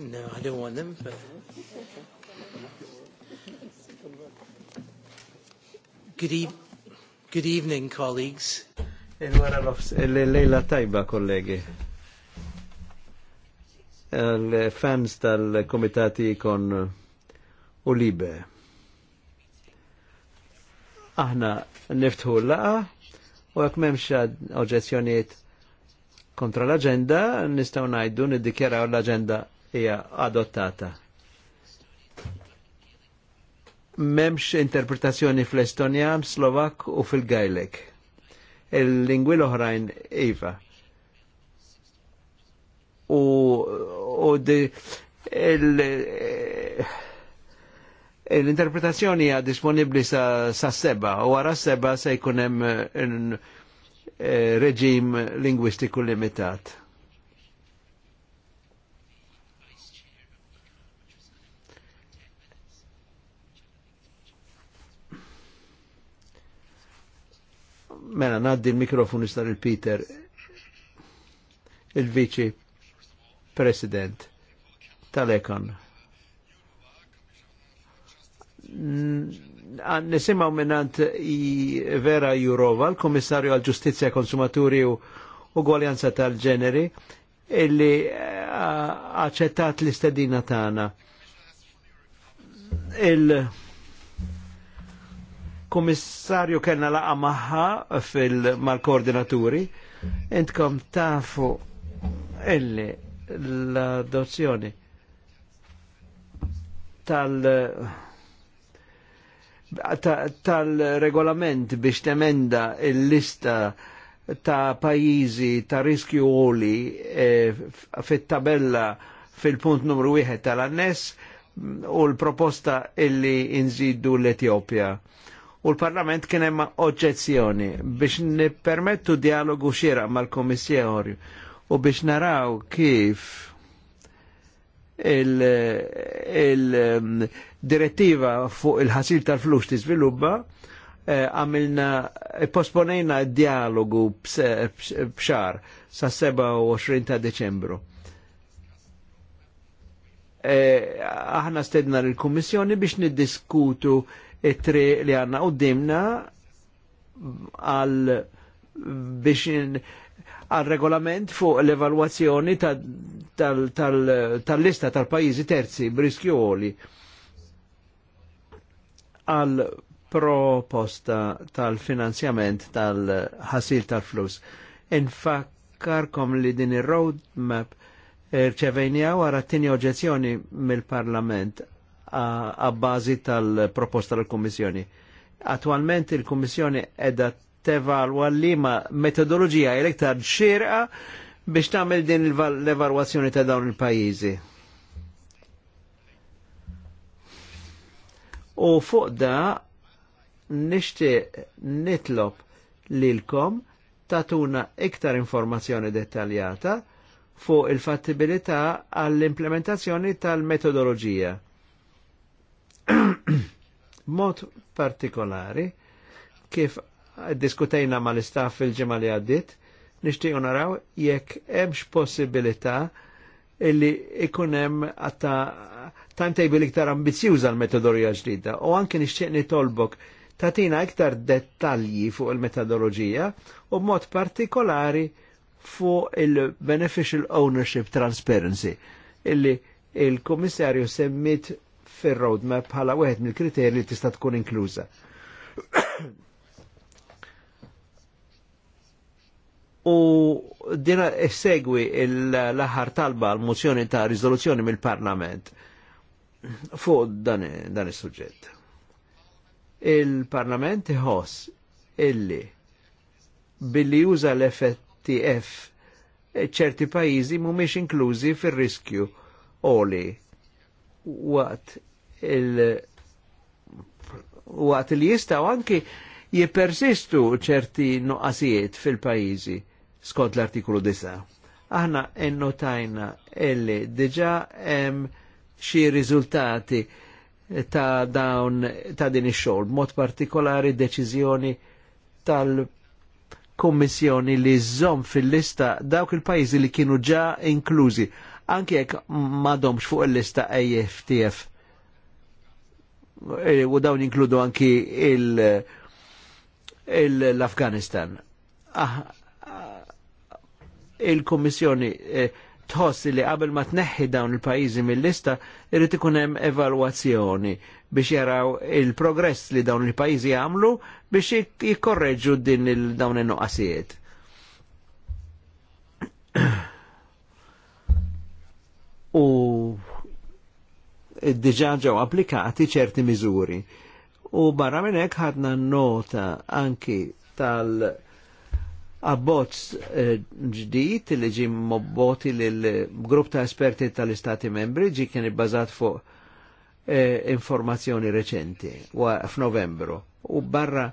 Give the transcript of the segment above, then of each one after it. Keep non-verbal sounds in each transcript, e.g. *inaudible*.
Good, evening, colleagues. il lejla tajba, kollegi. L-fans tal-komitati kon u libe. Aħna niftħu l-laqa u għak memxa oġezjoniet kontra l-agenda, nistaw najdu niddikjaraw l-agenda hija adottata. Memx interpretazzjoni fl-Estonjan, Slovak u fil-Gajlek. Il-lingwi l-oħrajn iva. U, u di, il, l-interpretazzjoni hija disponibbli sa, sa seba u għara seba se jkun hemm eh, reġim lingwistiku limitat. Mela, naddi l mikrofon istar il-Peter, il-Vici President tal-Ekon. Nisimaw minnant i Vera Jurova, l-Komissarju għal-Ġustizja Konsumaturi u Ugwaljanza tal-Ġeneri, illi eh, aċċettat l-istedina tana. Il- komissarju kellna laqa maħħa fil-mal-koordinaturi, intkom tafu illi l-adozzjoni tal- tal-regolament biex temenda il-lista ta' pajizi ta' riskju għoli e, fit-tabella fil-punt numru 1 tal-annes u l-proposta illi inżiddu l etiopja u l-Parlament kien hemm oġġezzjoni biex nippermettu dialogu xieraq mal-Komissjoni u biex naraw kif il-direttiva il um, fuq il-ħasil tal-flux tiżviluppa eh, għamilna posponejna dialogu bxar sa' 27 ta' Deċembru. Eh, aħna stedna l-Kummissjoni biex niddiskutu it-tri li għanna qoddimna għal biex għal regolament fuq l-evalwazzjoni tal-lista tal-pajizi terzi briskjoli għal proposta tal-finanzjament tal-ħasil tal-flus. Infakkarkom li din ir roadmap rċevejnija wara t-tini oġezzjoni mill-parlament għabbażi tal-proposta tal-Kommissjoni. Attualment il-Kommissjoni edha tevalwa li ma metodologija elektar xirqa biex tagħmel din l-evalwazzjoni ta' dawn il-pajjiżi. U fuq da nixtieq nitlob lilkom tatuna iktar informazzjoni dettaljata fuq il-fattibilità għall-implementazzjoni tal-metodologija mod partikolari kif diskutejna mal istaff fil-ġimgħa li għaddit nixtiequ naraw jekk hemmx possibilità illi ikun hemm għatta timetable iktar ambizjuża l-metodologija ġdida u anke nixtieq nitolbok tatina iktar dettalji fuq il-metodologija u mod partikolari fuq il-beneficial ownership transparency illi il-komissarju semmit fir-roadmap bħala wieħed mill-kriterji li tista' tkun inkluża. U dina segwi l-aħħar talba l-mozzjoni ta' riżoluzzjoni mill-Parlament fuq dan, dan is-suġġett. Il-Parlament iħoss illi billi juża l-FTF e, ċerti pajjiżi mhumiex inklużi fir-riskju oli waqt il- waqt li jistaw anki jipersistu ċerti nuqqasijiet fil-pajizi skont l-artikolu 9. Aħna ennotajna illi diġa hemm xi riżultati ta' dawn ta' din ix-xogħol, mod partikolari deċiżjoni tal-Kommissjoni li żomm fil-lista dawk il-pajjiżi li kienu ġa inklużi, anke jekk m'għadhomx fuq il-lista AFTF E, u dawn inkludu anki l-Afganistan. Ah, ah, Il-Kommissjoni eh, tħoss li qabel ma tneħħi dawn il-pajjiżi mill-lista irrid ikun hemm evalwazzjoni biex jaraw il-progress li dawn il-pajjiżi għamlu biex jikkorreġġu din il-dawn in-nuqqasijiet. diġa ġew applikati ċerti miżuri. U barra minn hekk ħadna nota anki tal- abbozz eh, ġdijt li ġim mobboti l-grupp ta' esperti tal-istati membri ġi kien ibbażat fuq eh, informazzjoni reċenti f'Novembru. U barra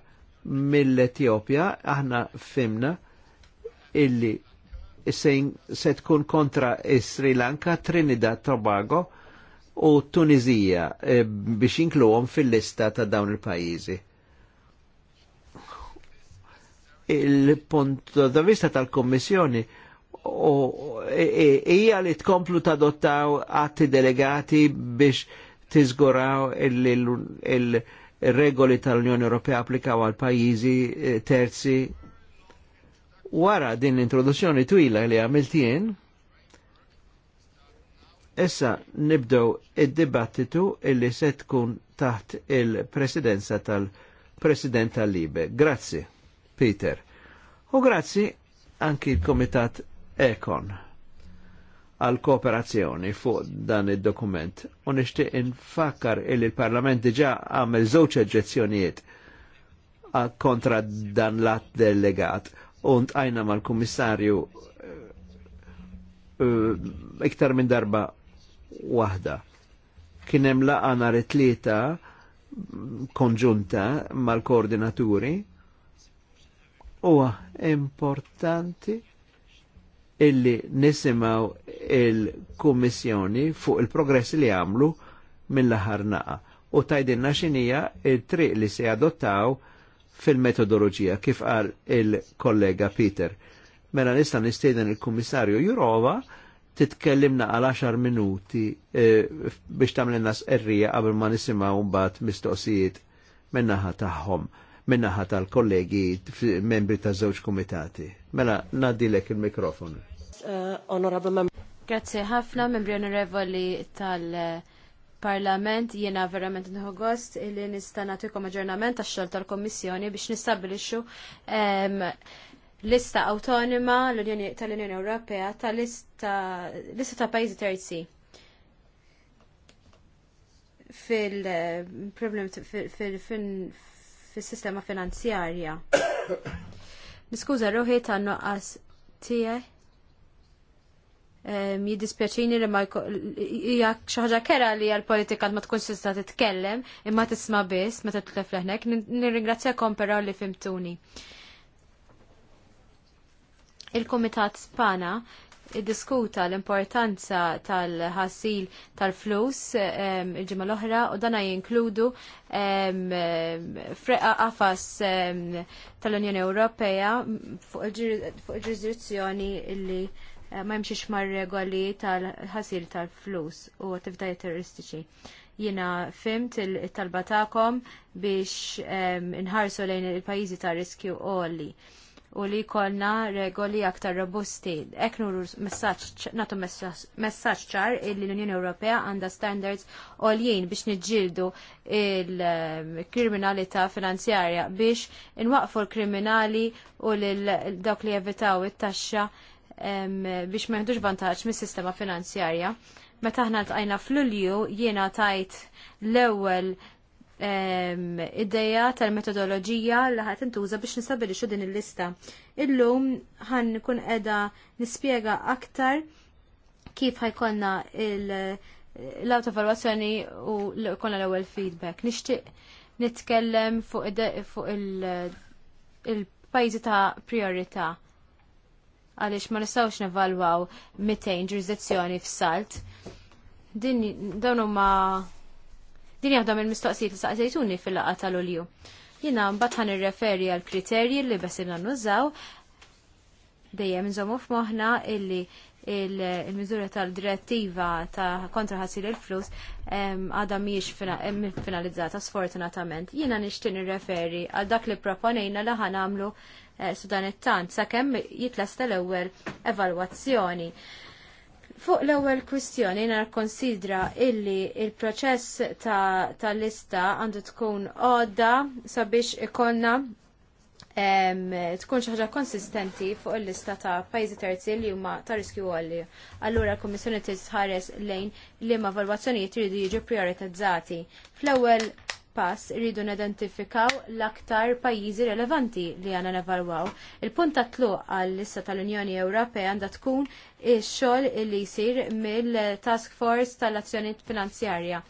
mill etiopja aħna fimna illi se tkun kontra Sri Lanka, Trinidad, Tobago, u Tunizija e, biex jinkluhom fil-lista ta' dawn il-pajjiżi. Il-punt da vista tal-Kommissjoni e, e, hija li tkomplu tadottaw atti delegati biex tiżguraw il-regoli tal-Unjoni Ewropea applikaw għal pajjiżi terzi wara din l-introduzzjoni twila li għamiltin, Issa nibdow id-dibattitu illi se tkun taħt il-presidenza tal-President tal-Libe. Grazzi, Peter. U grazzi anki il-Komitat Econ għal kooperazzjoni fuq dan il-dokument. U nishtiq infakkar illi il-Parlament diġa għamil żewġ eġezzjonijiet kontra dan l-att delegat u ntqajna mal-Kummissarju eh, eh, iktar minn darba waħda. Kien hemm laqa nar it-tlieta konġunta mal-koordinaturi huwa importanti illi nisimaw il-Kummissjoni fuq il-progress li għamlu mill-aħħar naqa u tajdinna xinija il-triq li se adottaw fil-metodologija kif qal il-kollega Peter. Mela nista' nistieden il-Kummissarju Jurova titkellimna għal 10 minuti e, biex tagħmel nas errija qabel ma nisimgħu mbagħad mistoqsijiet min-naħa tagħhom min-naħa tal-kollegi membri ta' żewġ kumitati. Mela nadilek il-mikrofon. Eh, Onorabli Grazie ħafna, membri onorevoli tal-Parlament, jiena verament nħu gost li nista' nagħtikom aġġornament tax-xogħol tal-Kommissjoni biex nistabbilixxu ehm, lista autonoma tal-Unjoni Ewropea tal-lista ta' pajjiżi terzi fil-problem eh, fil-sistema finanzjarja. *coughs* Niskuża ruħi ta' nuqqas tiegħi. Jiddispjaċini li ma jgħak xaħġa kera li għal-politika ma tkunx tista' titkellem imma tisma' biss meta titlef leħnek. Nirringrazzjakom però li fimtuni. Il-Komitat Spana diskuta l-importanza tal-ħasil tal-flus il-ġimma l-oħra u dana jinkludu freqa qafas tal-Unjoni Ewropea fuq il-ġurisdizzjoni illi eh, ma jimxiex mar-regoli tal-ħasil tal-flus u attivitajiet terroristiċi. Jiena fimt il talbatakom biex inħarsu lejn il pajjiżi ta' riskju għolli u li jkollna regoli aktar robusti. Ek nuru natu messaġġ ċar illi l-Unjoni Ewropea għandha standards għoljin biex niġġieldu il-kriminalità finanzjarja biex inwaqfu l-kriminali u l-dawk li jevitaw it-taxxa biex meħdux vantaġġ mis-sistema finanzjarja meta ħna tajna fl-ulju jiena tajt l-ewwel ideja tal-metodoloġija li ħat intuża biex nistabilixu din il-lista. Illum ħan kun edha nispiega aktar kif ħajkonna l-autovalwazzjoni u konna l-ewwel feedback. Nixtieq nitkellem fuq il pajzi ta' priorita għaliex ma nistgħux nevalwaw 200 ġurisdizzjoni f'salt. Din dawn huma Din jaħda mill mistoqsijiet li saqsejtuni fil-laqa tal-olju. Jina mbagħad ħan irreferi għal kriterji li besinna nużaw dejjem nżommu f'moħħna illi il miżura tal-direttiva ta' kontra ħasir il-flus għadha mhijiex finalizzata sfortunatament. Jiena nixtieq nirreferi għal dak li proponejna li ħan għamlu eh, sudan it-tant sakemm jitlesta l-ewwel evalwazzjoni. Fuq l-ewwel kwistjoni nar konsidra illi il-proċess tal-lista ta għandu tkun għodda sabiex ikonna tkun xi ħaġa konsistenti fuq il-lista ta' pajjiżi terzi li huma ta' riskju għalli. Allura l-Kummissjoni tisħares lejn li ma' valwazzjonijiet iridu jiġu prioritizzati. Fl-ewwel pass iridu nidentifikaw l-aktar pajjiżi relevanti li għana nevalwaw. Il-punt ta' tluq għall-lista tal-Unjoni Ewropea għandha tkun ix-xogħol li jsir mill-Task Force tal-Azzjoni Finanzjarja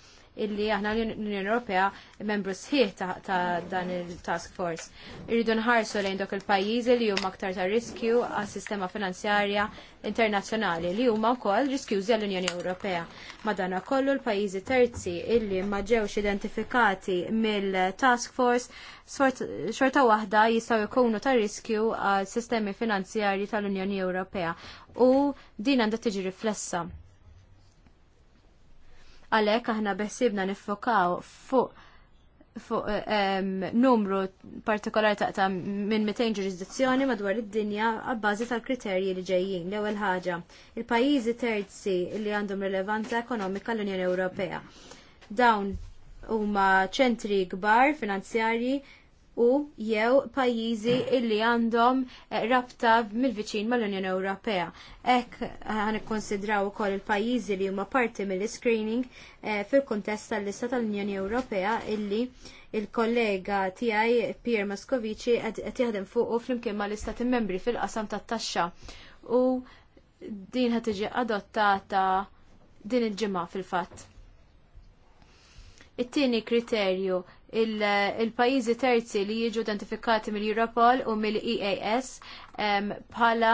illi aħna l-Unjoni Ewropea membru sħiħ ta' dan il-task force. Irridu nħarsu lejn dok il-pajjiżi li huma aktar ta' riskju għas sistema finanzjarja internazzjonali li huma wkoll riskjużi għall-Unjoni Ewropea. Madana kollu l-pajjiżi terzi illi ma ġewx identifikati mill-task force xorta waħda jistgħu jkunu ta' riskju għal sistemi finanzjarji tal-Unjoni Ewropea u din għandha tiġi riflessa Għalhekk aħna beħsibna niffokaw fuq fuq um, numru partikolari ta' ta' minn 200 ġurisdizzjoni madwar id-dinja għabbażi tal-kriterji li ġejjin. L-ewwel ħaġa, il-pajjiżi terzi li għandhom rilevanza ekonomika l-Unjoni Ewropea. Dawn huma ċentri kbar finanzjarji u jew pajjiżi illi għandhom eh, rabta mill-viċin mal-Unjoni Ewropea. Ek għan eh, ikkonsidraw ukoll il-pajjiżi li huma parti mill-screening eh, fil-kuntest tal-lista tal-Unjoni Ewropea illi il-kollega tiegħi Pier Moscovici qed jaħdem fuq u flimkien mal-istati membri fil-qasam tat-taxxa. U din ħad tiġi adottata din il-ġimgħa fil-fatt. It-tieni kriterju il-pajizi il terzi li jiġu identifikati mill-Europol u mill-EAS bħala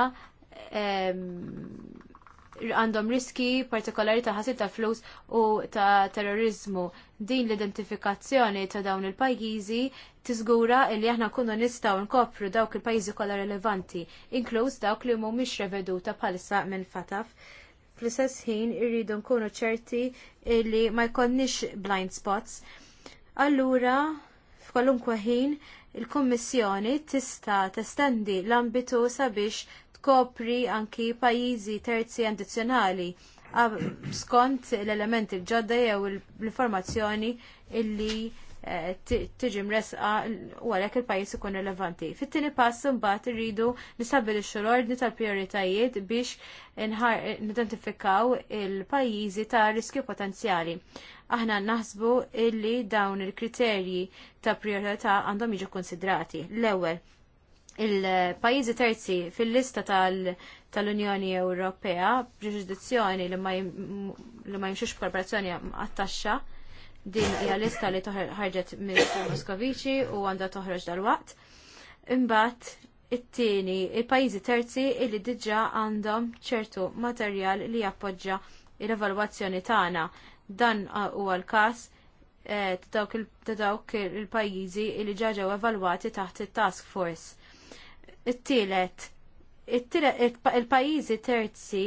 għandhom riski partikolari ta' ħasib ta' flus u ta' terrorizmu. Din l-identifikazzjoni ta' dawn il-pajjiżi tiżgura li aħna kunu nistgħu nkopru dawk il-pajjiżi kollha rilevanti, inkluż dawk li mhumiex reveduta bħalissa minn fataf. Fl-istess ħin irridu nkunu ċerti li ma jkollniex blind spots allura f'kwalunkwe ħin il-Kummissjoni tista' testendi l-ambitu sabiex tkopri anki pajjiżi terzi addizzjonali skont l-elementi ġodda jew l-informazzjoni illi Eh, tiġi mresqa u għalhekk il-pajjiż ikun rilevanti. Fit-tieni pass imbagħad irridu nistabilixxu l-ordni tal-prijoritajiet biex nidentifikaw il-pajjiżi ta' riskju potenzjali. Aħna naħsbu illi dawn il-kriterji ta' priorità għandhom jiġu konsidrati. L-ewwel, il-pajjiżi terzi fil-lista tal-Unjoni Ewropea, preġudizzjoni li ma jimxux korporazzjoni għat-taxxa, Din hija lista li ħarġet minn Moskovici u għandha toħroġ dal-waqt. Imbagħad it-tieni il-pajjiżi terzi illi diġà għandhom ċertu materjal li jappoġġa l-evalwazzjoni tagħna. Dan uh, huwa l-każ eh, ta' dawk il-pajjiżi li ġaġew evalwati taħt it-task force. It-tielet il-pajizi terzi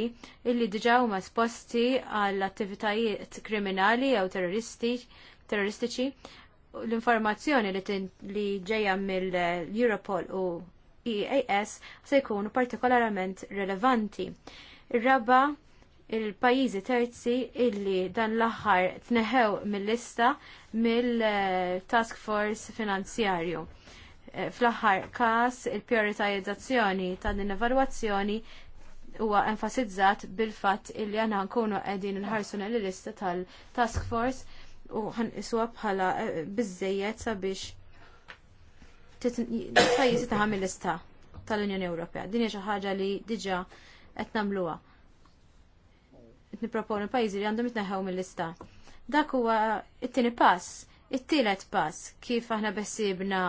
illi diġa huma esposti għall attivitajiet kriminali jew terroristiċi l-informazzjoni li ġejja mill-Europol u EAS se jkunu partikolarment relevanti. Ir-raba il-pajizi terzi illi dan l-aħħar tneħew mill-lista mill-Task eh, Force Finanzjarju Eh, fl-aħħar każ il-prioritizzazzjoni ta' din evalwazzjoni huwa enfasizzat bil-fatt illi għana nkunu qegħdin nħarsu l-lista tal-task force u ħanqisuha bħala eh, biżejjed sabiex pajjiżi ta' lista tal-Unjoni Ewropea. Din hija xi ħaġa li diġà qed nagħmluha. nipproponu pajjiżi li għandhom jitneħħew mill-lista. Dak huwa it-tieni pass, it-tielet pass kif aħna beħsiebna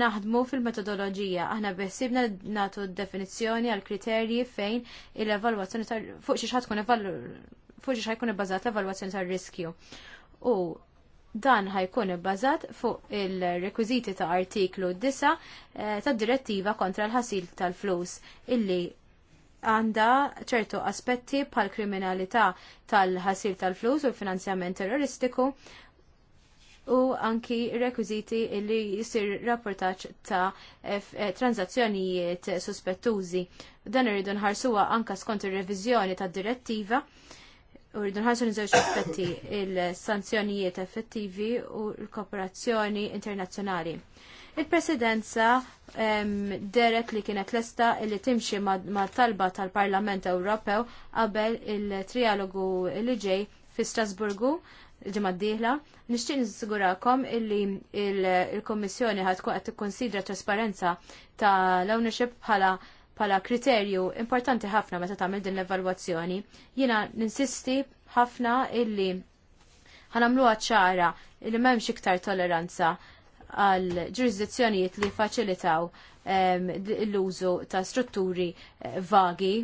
naħdmu fil-metodoloġija. Aħna beħsibna natu definizzjoni għal kriterji fejn il evaluazzjoni tar fuq xi tkun fuq xiex ħajkun ibbażat l evaluazzjoni tar-riskju. U dan ħajkun ibbażat fuq il-rekwiżiti ta' artiklu 9 eh, tad direttiva kontra l-ħasil tal-flus illi għanda ċertu aspetti pal kriminalità tal-ħasil tal-flus u l-finanzjament terroristiku u anki rekwiziti li jisir rapportaċ ta' eh, transazzjonijiet suspettużi. Dan irridu nħarsuwa anka skont ir-reviżjoni ta' direttiva u rridu nħarsu nżewġ aspetti il-sanzjonijiet effettivi u l-kooperazzjoni internazzjonali. Il-presidenza deret li kienet lesta li timxi ma' talba tal-Parlament Ewropew qabel il-trialogu li ġej fi Strasburgu ġimma d-dihla. Nixtieq nisigurakom illi il-Kommissjoni ħat tkun qed tikkonsidra trasparenza ta' l-ownership bħala bħala kriterju importanti ħafna meta tagħmel din l-evalwazzjoni. Jiena ninsisti ħafna illi ħanamluha ċara illi m'hemmx iktar tolleranza għal ġurisdizzjonijiet li faċilitaw ehm, l-użu ta' strutturi eh, vagi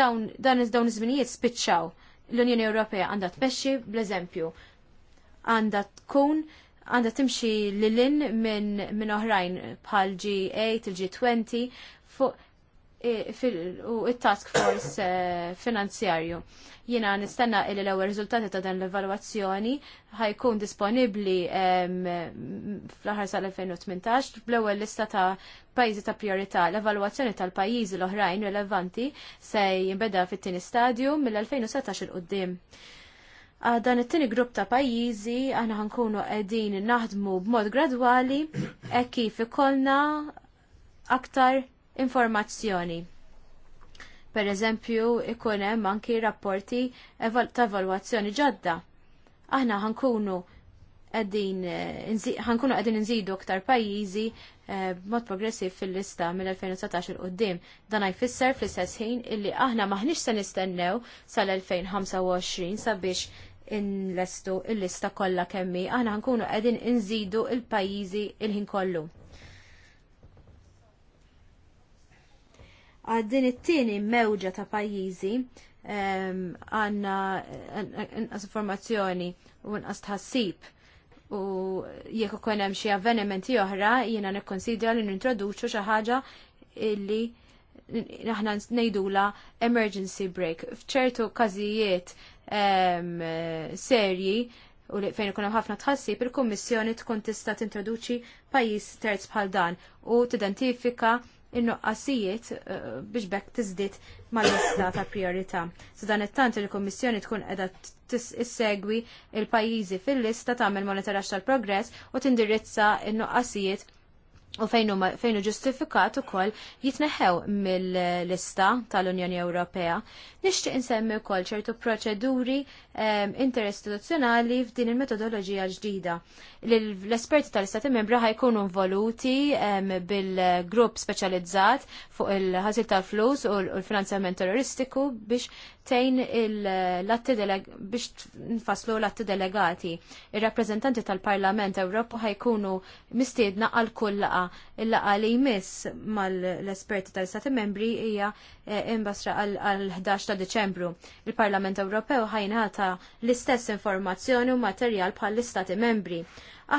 dawn dawn iż-żminijiet spiċċaw l-Unjoni Ewropea għandha tmexxi bl-eżempju. Għandha tkun għandha timxi lilin minn min oħrajn bħal G8, il-G20 fuq u il-task force eh, finanzjarju. Jina nistenna il l-ewwel riżultati ta' dan l-evalwazzjoni ħajkun disponibbli fl-aħħar sal-2018 bl-ewwel lista ta' pajjiżi ta' priorità. L-evalwazzjoni tal-pajjiżi l-oħrajn rilevanti se jinbeda fit-tieni stadju mill-2016 il qudiem Dan it-tieni grupp ta' pajjiżi aħna ħankunu qegħdin naħdmu b'mod gradwali e kif ikollna aktar informazzjoni. Per eżempju, ikun hemm anki rapporti ta' evalwazzjoni ġodda. Aħna ħankunu għedin eh, ħankunu għedin nżidu ktar pajjiżi eh, mod progressiv fil-lista mill-2019 il qoddim Dan jfisser fl-istess ħin illi aħna maħniex se nistennew sal-2025 sabiex inlestu il-lista kollha kemmi aħna ħankunu qegħdin inżidu il-pajjiżi il-ħin kollu. għaddin din it-tieni mewġa ta' pajjiżi ehm, għanna inqas informazzjoni u inqas tħassib u jekk ukoll hemm xi avvenimenti oħra jiena nikkonsidra li nintroduċu xi ħaġa illi aħna ngħidula emergency break. F'ċertu każijiet ehm, serji u li fejn ikun ħafna tħassib, il-Kummissjoni tkun tista' tintroduċi pajjiż terz bħal dan u tidentifika in-noqqasijiet eh, biex bekk tiżdied mal-lista ta' priorità. Sa it-tant il-Kummissjoni tkun qiegħda tissegwi il-pajjiżi fil-lista tagħmel monitoraġġ tal-progress u tindirizza in-noqqasijiet u fejn ġustifikat ukoll jitneħew mill-lista tal-Unjoni Ewropea. Nixtieq insemmi wkoll ċertu proċeduri interistituzzjonali f'din il-metodoloġija ġdida. L-esperti tal-istati Membra ħajkunu involuti bil-grupp speċjalizzat fuq il-ħasil tal-flus u l-finanzjament terroristiku biex tejn il-latti biex nfaslu l-atti delegati. Ir-rappreżentanti tal-Parlament Ewropa ħajkunu mistiedna għal kull laqa Il-laqa li jmiss mal-esperti tal-Stati membri hija eh, imbasra għal-11 ta' Deċembru. Il-Parlament Ewropew ħajnata l-istess informazzjoni u materjal bħall-Istati membri.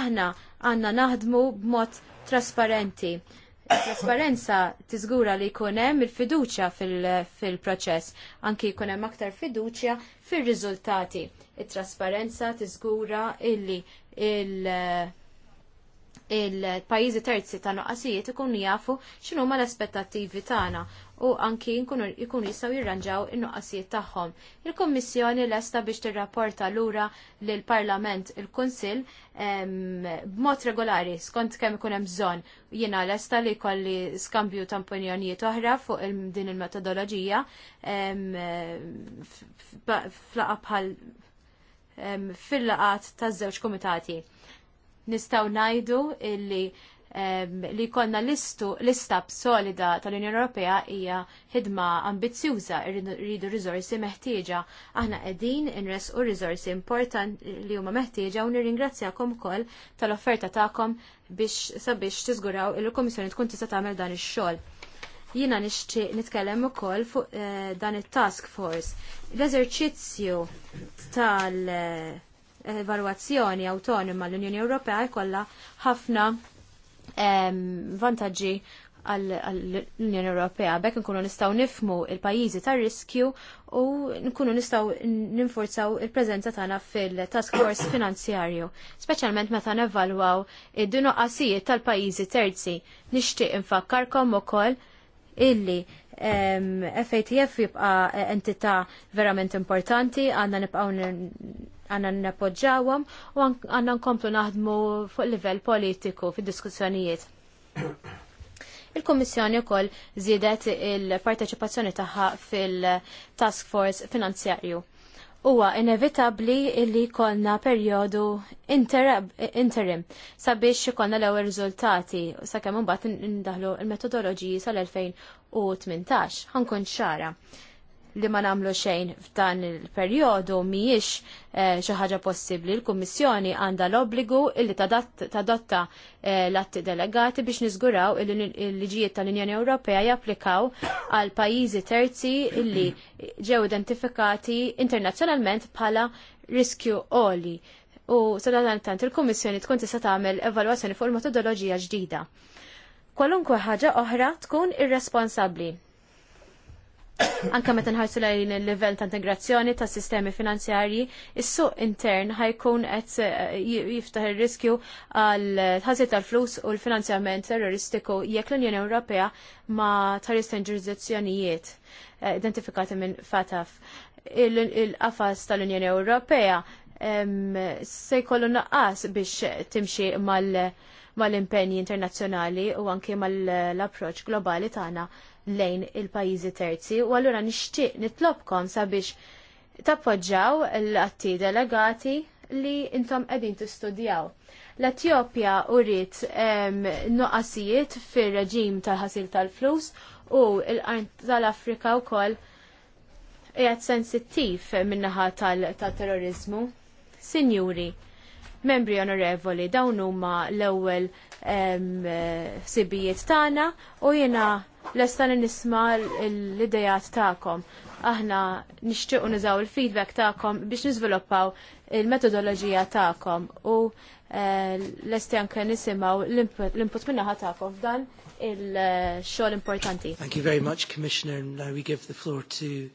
Aħna għanna naħdmu b'mod trasparenti trasparenza tiżgura li jkun hemm il-fiduċja fil-proċess, fil anki jkun hemm aktar fiduċja fir-riżultati. It-trasparenza tiżgura illi il- il-pajjiżi terzi ta' noqqasijiet ikunu jafu x'inhuma ma l-aspettattivi tagħna u anki jkunu jistgħu jirranġaw in-noqqasijiet tagħhom. Il-Kummissjoni lesta biex tirrapporta lura lil Parlament il-Kunsill b'mod regolari skont kemm ikun hemm bżonn. Jiena lesta li jkolli skambju ta' opinjonijiet oħra fuq din il-metodoloġija flaqa bħal fil-laqat taż-żewġ komitati nistaw najdu illi li konna listu l-istab solida tal-Unjoni Ewropea hija ħidma ambizzjuża rridu riżorsi meħtieġa. Aħna qegħdin inres u riżorsi importanti li huma meħtieġa u nirringrazzjakom ukoll tal-offerta tagħkom biex sabiex tiżguraw il-Kummissjoni tkun tista' tagħmel dan ix-xogħol. Jiena nixtieq nitkellem ukoll fuq eh, dan it-task force. L-eżerċizzju tal- evalwazzjoni autonoma l-Unjoni Ewropea jkollha ħafna vantaġġi għall-Unjoni Ewropea. Bekk nkunu nistgħu nifmu il-pajjiżi tar-riskju u nkunu nistgħu ninforzaw il-preżenza tagħna fil-task force finanzjarju, speċjalment meta nevalwaw id-dinoqqasijiet tal-pajjiżi terzi. Nixtieq infakkarkom ukoll illi FATF jibqa entità verament importanti, għanna nipqaw għanna nepoġġawam u għanna nkomplu naħdmu fuq livell politiku fid diskussjonijiet Il-Kommissjoni wkoll żiedet il-parteċipazzjoni tagħha fil-Task Force Finanzjarju huwa inevitabli illi jkollna perjodu interim sabiex ikollna l-ewwel riżultati sakemm imbagħad indaħlu l metodoloġiji sal-2018 ħankun ċara li ma nagħmlu xejn f'dan il-perjodu mhijiex eh, xi ħaġa possibbli. Il-Kummissjoni għandha l-obbligu illi tadotta eh, l-atti delegati biex niżguraw il-liġijiet tal-Unjoni Ewropea japplikaw għal pajjiżi terzi illi ġew identifikati internazzjonalment bħala riskju oli. U sadan il-Kummissjoni tkun tista' tagħmel evalwazzjoni fuq il-metodoloġija ġdida. Kwalunkwe ħaġa oħra tkun irresponsabbli Anka meta nħarsu lejn il-livell ta' integrazzjoni ta' sistemi finanzjarji, is-suq intern ħajkun qed eh, jiftaħ ir-riskju għal ħażiet tal-flus u l-finanzjament terroristiku jekk l-Unjoni Ewropea ma tarist ġurisdizzjonijiet eh, identifikati minn Fataf. Il-qafas tal-Unjoni Ewropea se jkollu naqqas biex timxi mal-impenji internazzjonali u anke mal-approċ globali tagħna lejn il-pajjiżi terzi u allura nixtieq nitlobkom sabiex tappoġġaw l-atti delegati li intom qegħdin tistudjaw. L-Etjopja uriet noqasijiet fir-reġim tal-ħasil tal-flus u l-qarn tal-Afrika wkoll qiegħed sensittiv min-naħa tal-terrorizmu. Sinjuri, membri onorevoli, dawn huma l-ewwel sibijiet tagħna u jiena Lesta estan nisma l-idejat ta'kom. Aħna nixtiequ nizaw il-feedback ta'kom biex niżviluppaw il metodologija ta'kom u eh, lesti anke nisimaw l-input minnaħa ta'kom f'dan il-xogħol importanti. Thank you very much, Commissioner. Now we give the floor to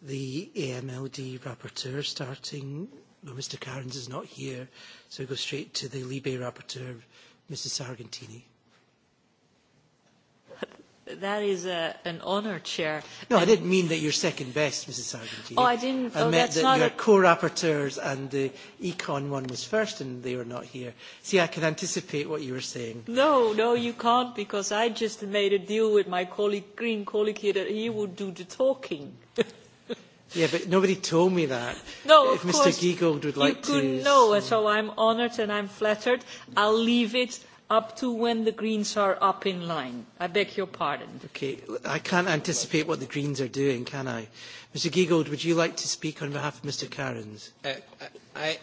the AMLD rapporteur, starting, no Mr. Carnes is not here, so we go straight to the Libe rapporteur, Mrs. Sargentini. That is a, an honour, Chair. No, and I didn't mean that you're second best, Mrs. Sargentini. Oh, I didn't. I oh, meant that your a... co-rapporteurs and the Econ one was first and they were not here. See, I can anticipate what you were saying. No, no, you can't because I just made a deal with my colleague, green colleague here that he would do the talking. *laughs* yeah, but nobody told me that. No, if of Mr. Giegold would like you to... No, so I'm honored and I'm flattered. I'll leave it up to when the Greens are up in line. I beg your pardon. Okay, I can't anticipate what the Greens are doing, can I? Mr Giegold, would you like to speak on behalf of Mr Cairns? Uh, I,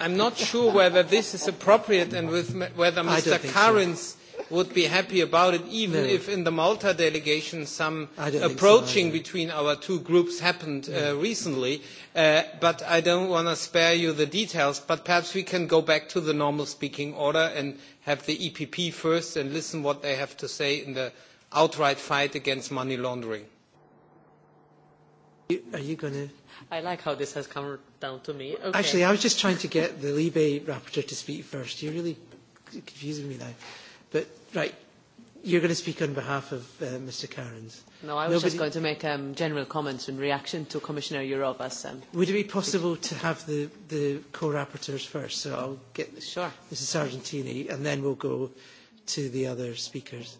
I'm not sure whether this is appropriate and with, whether Mr Cairns... So would be happy about it, even no. if in the Malta delegation some approaching so, between our two groups happened uh, yeah. uh, recently. Uh, but I don't want to spare you the details, but perhaps we can go back to the normal speaking order and have the EPP first and listen what they have to say in the outright fight against money laundering. Are you going to? I like how this has come down to me. Okay. Actually, I was just trying to get the Libe rapporteur to speak first. You're really confusing me now. But, right, you're going to speak on behalf of uh, Mr. Cairns. No, I was Nobody... just going to make um, general comments in reaction to Commissioner Eurova's. Um, Would it be possible to have the, the co-rapporteurs first? So I'll get sure. Mrs. Sargentini, and then we'll go to the other speakers.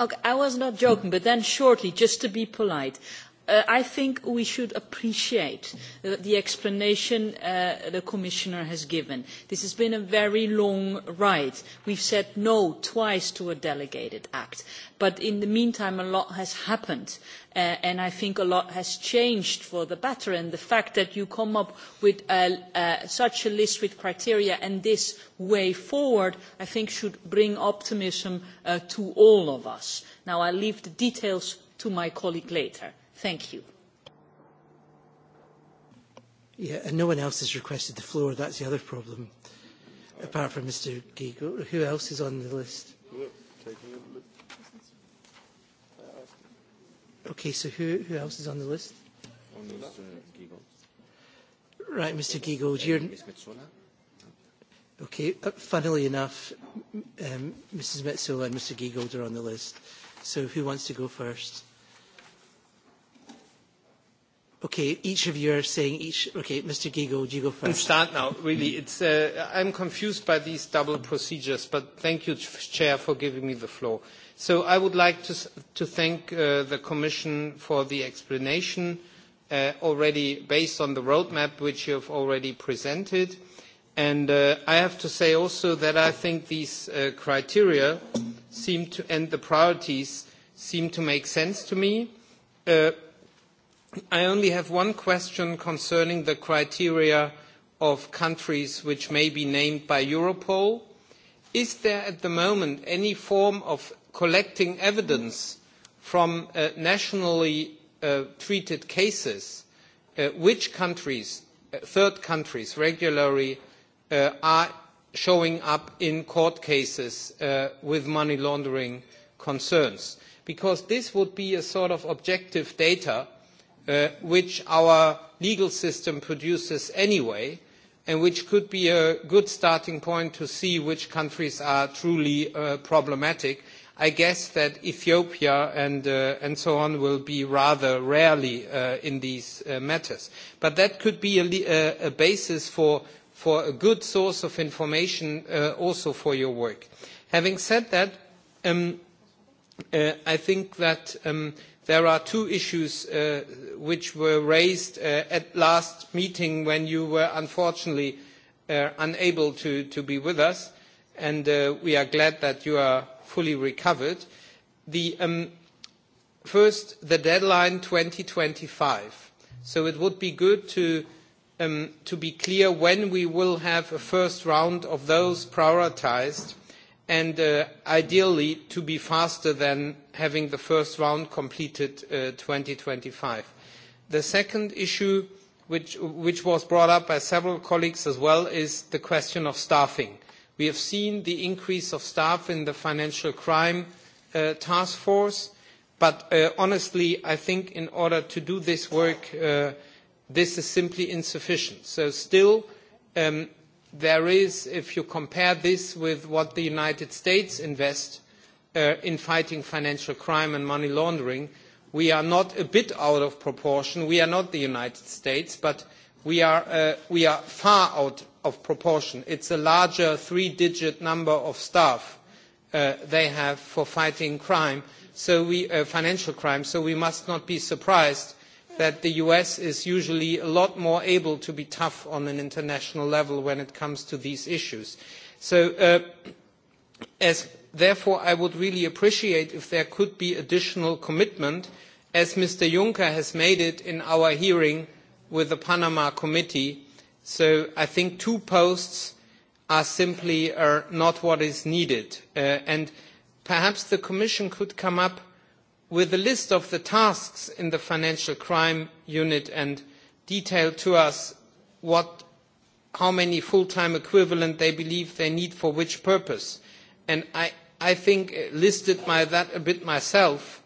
Okay, I was not joking, but then shortly, just to be polite, Uh, I think we should appreciate uh, the explanation uh, the Commissioner has given. This has been a very long ride. We've said no twice to a delegated act. But in the meantime, a lot has happened. Uh, and I think a lot has changed for the better. And the fact that you come up with a, uh, uh, such a list with criteria and this way forward, I think should bring optimism uh, to all of us. Now, I'll leave the details to my colleague later. Thank you. Yeah, and no one else has requested the floor. That's the other problem, apart from Mr. Gigo. Who else is on the list? Okay, so who, who else is on the list? Right, Mr. Gigo, you're... Okay, uh, funnily enough, um, Mrs. Metzola and Mr. Giegold are on the list. So who wants to go first? Okay, each of you are saying each. Okay, Mr. Gigo, you go first. Start now. Really, it's. Uh, I'm confused by these double procedures, but thank you, Chair, for giving me the floor. So I would like to to thank uh, the Commission for the explanation uh, already based on the roadmap which you have already presented, and uh, I have to say also that I think these uh, criteria seem to and the priorities seem to make sense to me. Uh, I only have one question concerning the criteria of countries which may be named by Europol. Is there at the moment any form of collecting evidence from uh, nationally uh, treated cases uh, which countries, uh, third countries, regularly uh, are showing up in court cases uh, with money laundering concerns? Because this would be a sort of objective data uh, which our legal system produces anyway, and which could be a good starting point to see which countries are truly uh, problematic. I guess that Ethiopia and, uh, and so on will be rather rarely uh, in these uh, matters. But that could be a, a, uh, a basis for, for a good source of information uh, also for your work. Having said that, um, uh, I think that um, There are two issues uh, which were raised uh, at last meeting when you were unfortunately uh, unable to, to be with us, and uh, we are glad that you are fully recovered. The, um, first, the deadline 2025. So it would be good to, um, to be clear when we will have a first round of those prioritized, and uh, ideally to be faster than having the first round completed uh, five. The second issue, which, which was brought up by several colleagues as well, is the question of staffing. We have seen the increase of staff in the financial crime uh, task force, but uh, honestly, I think in order to do this work, uh, this is simply insufficient. So still, um, there is, if you compare this with what the United States invests, uh, in fighting financial crime and money laundering. We are not a bit out of proportion. We are not the United States, but we are, uh, we are far out of proportion. It's a larger three-digit number of staff uh, they have for fighting crime, so we, uh, financial crime, so we must not be surprised that the US is usually a lot more able to be tough on an international level when it comes to these issues. So uh, as therefore, I would really appreciate if there could be additional commitment, as Mr. Juncker has made it in our hearing with the Panama Committee. So I think two posts are simply are uh, not what is needed. Uh, and perhaps the Commission could come up with a list of the tasks in the financial crime unit and detail to us what, how many full-time equivalent they believe they need for which purpose. And I I think, uh, listed my, that a bit myself.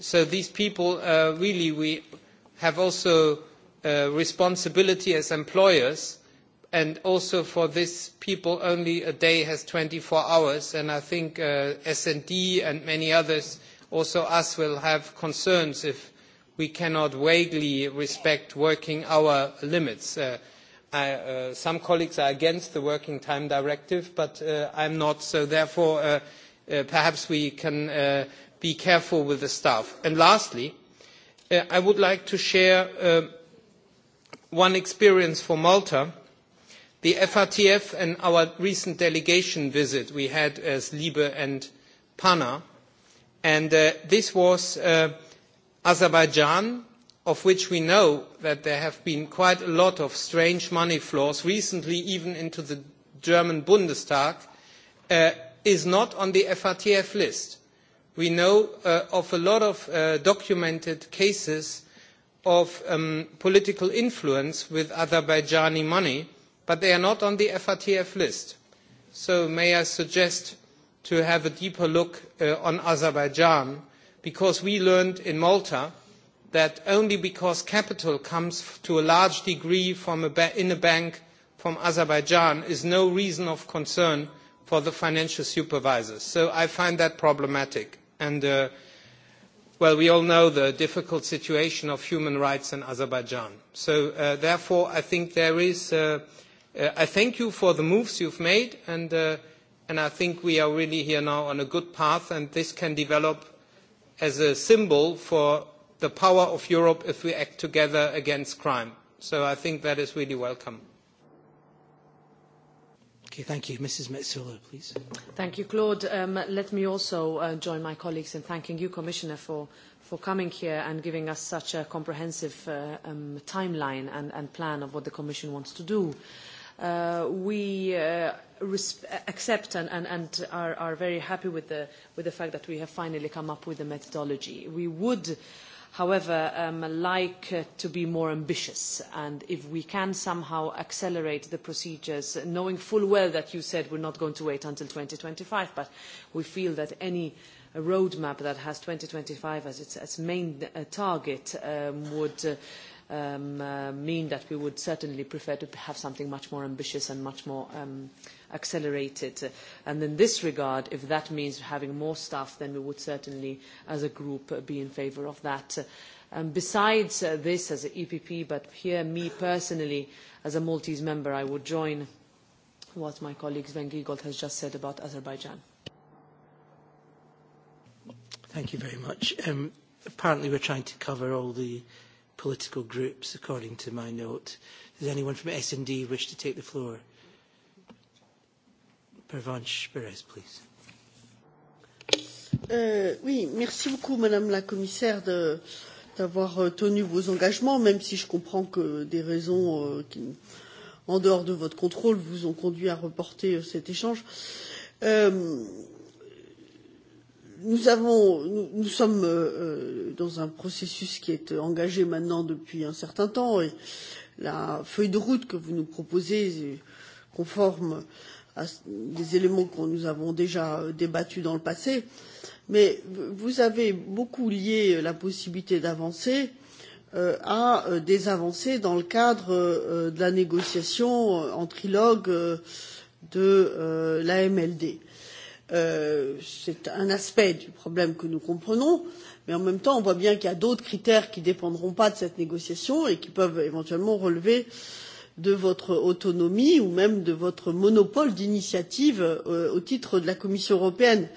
So these people, uh, really, we have also a uh, responsibility as employers, and also for these people, only a day has 24 hours, and I think uh, S&D and many others, also us, will have concerns if we cannot vaguely respect working hour limits. Uh, I, uh, some colleagues are against the working time directive, but uh, I'm not, so therefore uh, Uh, perhaps we can uh, be careful with the staff. And lastly, uh, I would like to share uh, one experience for Malta. The FRTF and our recent delegation visit we had as Liebe and Pana, and uh, this was uh, Azerbaijan, of which we know that there have been quite a lot of strange money flows, recently even into the German Bundestag, uh, is not on the FATF list. We know uh, of a lot of uh, documented cases of um, political influence with Azerbaijani money, but they are not on the FRTF list. So may I suggest to have a deeper look uh, on Azerbaijan, because we learned in Malta that only because capital comes to a large degree from a in a bank from Azerbaijan is no reason of concern for the financial supervisors. So I find that problematic. And, uh, well, we all know the difficult situation of human rights in Azerbaijan. So, uh, therefore, I think there is, uh, uh, I thank you for the moves you've made, and, uh, and I think we are really here now on a good path, and this can develop as a symbol for the power of Europe if we act together against crime. So I think that is really welcome. Okay, thank you. Mrs. Mitsula, please. Thank you, Claude. Um, let me also uh, join my colleagues in thanking you, Commissioner, for, for coming here and giving us such a comprehensive uh, um, timeline and, and plan of what the Commission wants to do. Uh, we uh, accept and, and, and are, are very happy with the, with the fact that we have finally come up with a methodology. We would uh, However, um, like uh, to be more ambitious, and if we can somehow accelerate the procedures, knowing full well that you said we're not going to wait until twenty five, but we feel that any roadmap that has twenty five as its main uh, target um, would uh, um, uh, mean that we would certainly prefer to have something much more ambitious and much more um, accelerated. And in this regard, if that means having more staff, then we would certainly, as a group, uh, be in favour of that. Um, besides uh, this, as an EPP, but here me personally, as a Maltese member, I would join what my colleague Sven Giegold has just said about Azerbaijan. Thank you very much. Um, apparently we're trying to cover all the political groups, according to my note. Does anyone from S&D wish to take the floor? Pervanche Perez, please. Euh, oui, merci beaucoup, Madame la Commissaire, d'avoir euh, tenu vos engagements, même si je comprends que des raisons euh, qui, en dehors de votre contrôle, vous ont conduit à reporter euh, cet échange. Euh, nous, avons, nous, nous sommes euh, euh, dans un processus qui est engagé maintenant depuis un certain temps et la feuille de route que vous nous proposez est conforme à des éléments que nous avons déjà euh, débattus dans le passé. Mais vous avez beaucoup lié euh, la possibilité d'avancer euh, à des avancées dans le cadre euh, de la négociation en trilogue euh, de euh, la MLD. Euh, c'est un aspect du problème que nous comprenons, mais en même temps, on voit bien qu'il y a d'autres critères qui ne dépendront pas de cette négociation et qui peuvent éventuellement relever de votre autonomie ou même de votre monopole d'initiative euh, au titre de la Commission européenne.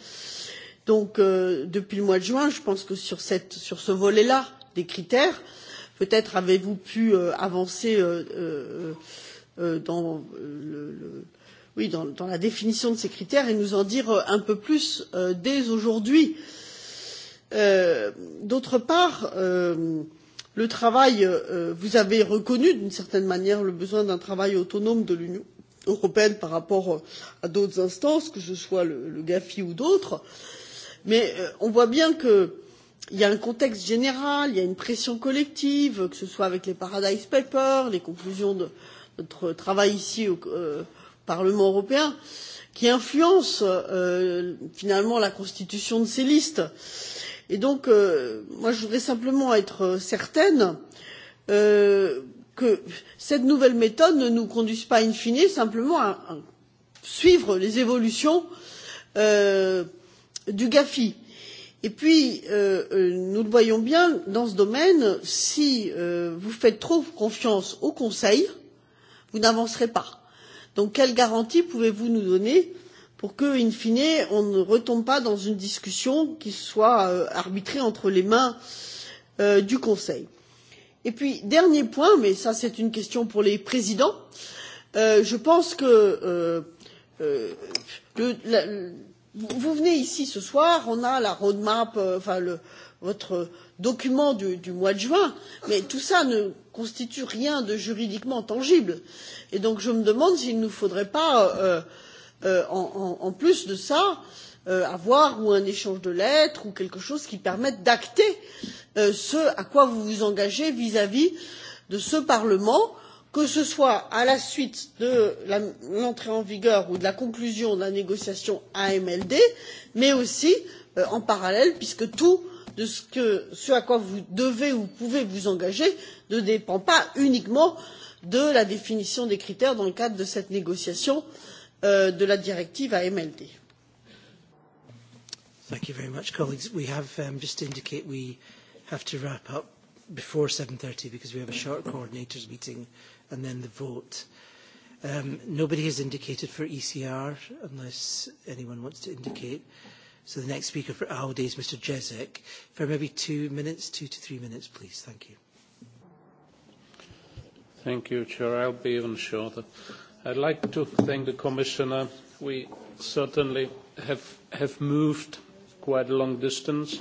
Donc, euh, depuis le mois de juin, je pense que sur, cette, sur ce volet-là des critères, peut-être avez-vous pu euh, avancer euh, euh, euh dans le. le oui, dans, dans la définition de ces critères et nous en dire euh, un peu plus euh, dès aujourd'hui. Euh, D'autre part, euh, le travail, euh, vous avez reconnu d'une certaine manière le besoin d'un travail autonome de l'Union européenne par rapport euh, à d'autres instances, que ce soit le, le GAFI ou d'autres, mais euh, on voit bien que il y a un contexte général, il y a une pression collective, que ce soit avec les Paradise Papers, les conclusions de notre travail ici au, euh, Parlement européen qui influence euh, finalement la constitution de ces listes. Et donc, euh, moi, je voudrais simplement être certaine euh, que cette nouvelle méthode ne nous conduise pas in fine simplement à, à suivre les évolutions euh, du GAFI. Et puis, euh, nous le voyons bien dans ce domaine, si euh, vous faites trop confiance au Conseil, vous n'avancerez pas Donc quelle garanties pouvez-vous nous donner pour que, in fine, on ne retombe pas dans une discussion qui soit euh, arbitrée entre les mains euh, du Conseil Et puis, dernier point, mais ça c'est une question pour les présidents, euh, je pense que euh, euh, le, la, le, vous venez ici ce soir, on a la roadmap, euh, enfin le, votre document du, du mois de juin, mais tout ça ne constitue rien de juridiquement tangible. Et donc je me demande s'il ne nous faudrait pas, euh, euh, en, en, en plus de ça, euh, avoir ou un échange de lettres ou quelque chose qui permette d'acter euh, ce à quoi vous vous engagez vis-à-vis -vis de ce Parlement, que ce soit à la suite de l'entrée en vigueur ou de la conclusion de la négociation AMLD, mais aussi euh, en parallèle, puisque tout de ce, que, ce à quoi vous devez ou pouvez vous engager ne dépend pas uniquement de la définition des critères dans le cadre de cette négociation euh, de la directive AMLD. Thank you very much, colleagues. We have um, just to indicate we have to wrap up before 7.30 because we have a short coordinators meeting and then the vote. Um, nobody has indicated for ECR unless anyone wants to indicate. So the next speaker for ALDE is Mr. Jezek. For maybe two minutes, two to three minutes, please. Thank you. Thank you, Chair. I'll be even shorter. I'd like to thank the Commissioner. We certainly have, have moved quite a long distance.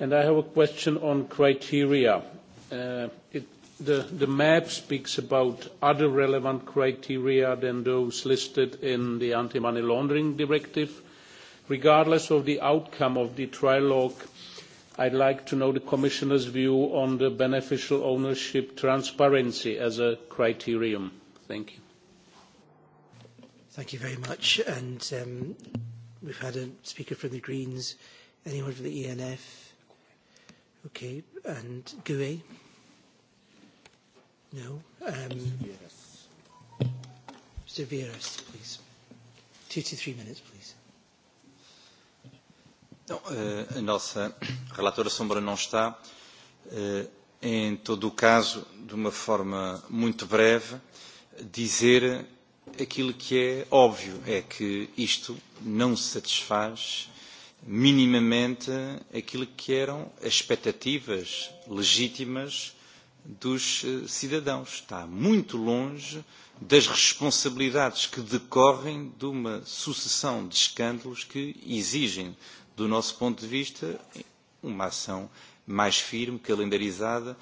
And I have a question on criteria. Uh, it, the, the map speaks about other relevant criteria than those listed in the anti-money laundering directive. Regardless of the outcome of the trilogue I'd like to know the Commissioner's view on the beneficial ownership transparency as a criterion. Thank you. Thank you very much. And um, we've had a speaker from the Greens. Anyone from the ENF? Okay. And GUE? No. Um, Mr. Vieras, please. Two to three minutes, please a eh, nossa relatora Sombra não está. Em todo o caso, de uma forma muito breve, dizer aquilo que é óbvio, é que isto não satisfaz minimamente aquilo que eram as expectativas legítimas dos eh, cidadãos. Está muito longe das responsabilidades que decorrem de uma sucessão de escândalos que exigem do nosso ponto de vista, uma ação mais firme, calendarizada.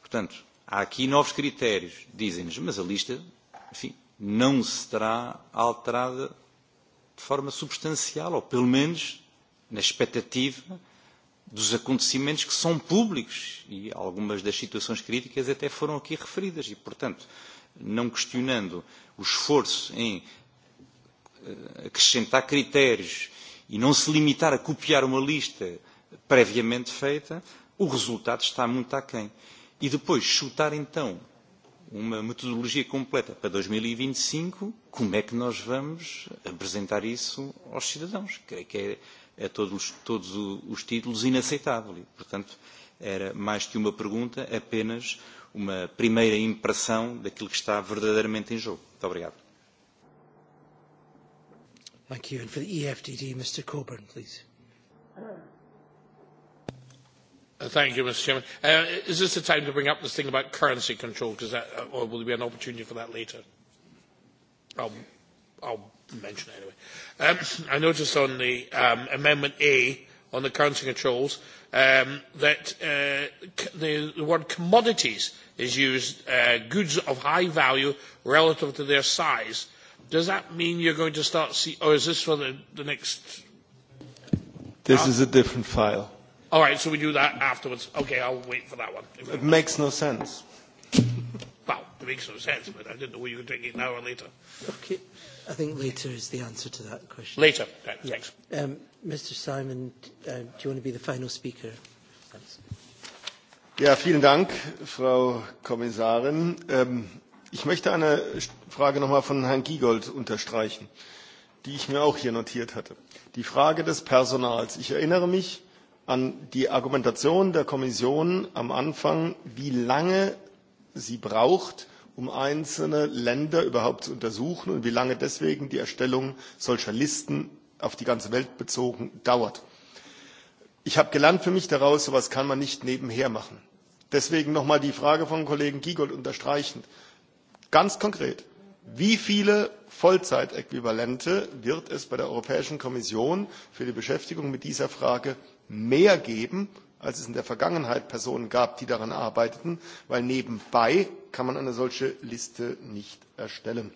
Portanto, há aqui novos critérios, dizem-nos, mas a lista, enfim, não será alterada de forma substancial, ou pelo menos na expectativa dos acontecimentos que são públicos e algumas das situações críticas até foram aqui referidas e, portanto, não questionando o esforço em eh, acrescentar critérios e não se limitar a copiar uma lista previamente feita, o resultado está muito aquém. E depois chutar então uma metodologia completa para 2025, e e como é que nós vamos apresentar isso aos cidadãos? Creio que é a todos, todos os títulos inaceitável. E, portanto, era mais que uma pergunta, apenas uma primeira impressão daquilo que está verdadeiramente em jogo. Muito obrigado. Thank you. And for the EFDD, Mr Coburn, please. Uh, thank you, Mr Chairman. Uh, is this the time to bring up this thing about currency control, because that, uh, uh, or will there be an opportunity for that later? I'll, I'll mention it anyway. Um, I noticed on the um, Amendment A on the currency controls um, that uh, the, the word commodities is used, uh, goods of high value relative to their size Does that mean you're going to start see, or is this for the, the next? This uh, is a different file. All right, so we do that afterwards. Okay, I'll wait for that one. It makes no sense. *laughs* well, it makes no sense, but I didn't know whether you were take it now or later. Okay, I think later is the answer to that question. Later, yeah, yeah. thanks. Um, Mr. Simon, uh, do you want to be the final speaker? Thanks. Ja, vielen Dank, Frau Kommissarin. Ähm, Ich möchte eine Frage nochmal von Herrn Giegold unterstreichen, die ich mir auch hier notiert hatte. Die Frage des Personals. Ich erinnere mich an die Argumentation der Kommission am Anfang, wie lange sie braucht, um einzelne Länder überhaupt zu untersuchen und wie lange deswegen die Erstellung solcher Listen auf die ganze Welt bezogen dauert. Ich habe gelernt für mich daraus, so etwas kann man nicht nebenher machen. Deswegen nochmal die Frage von Kollegen Giegold unterstreichend. Ganz konkret, wie viele Vollzeitäquivalente wird es bei der Europäischen Kommission für die Beschäftigung mit dieser Frage mehr geben, als es in der Vergangenheit Personen gab, die daran arbeiteten, weil nebenbei kann man eine solche Liste nicht erstellen.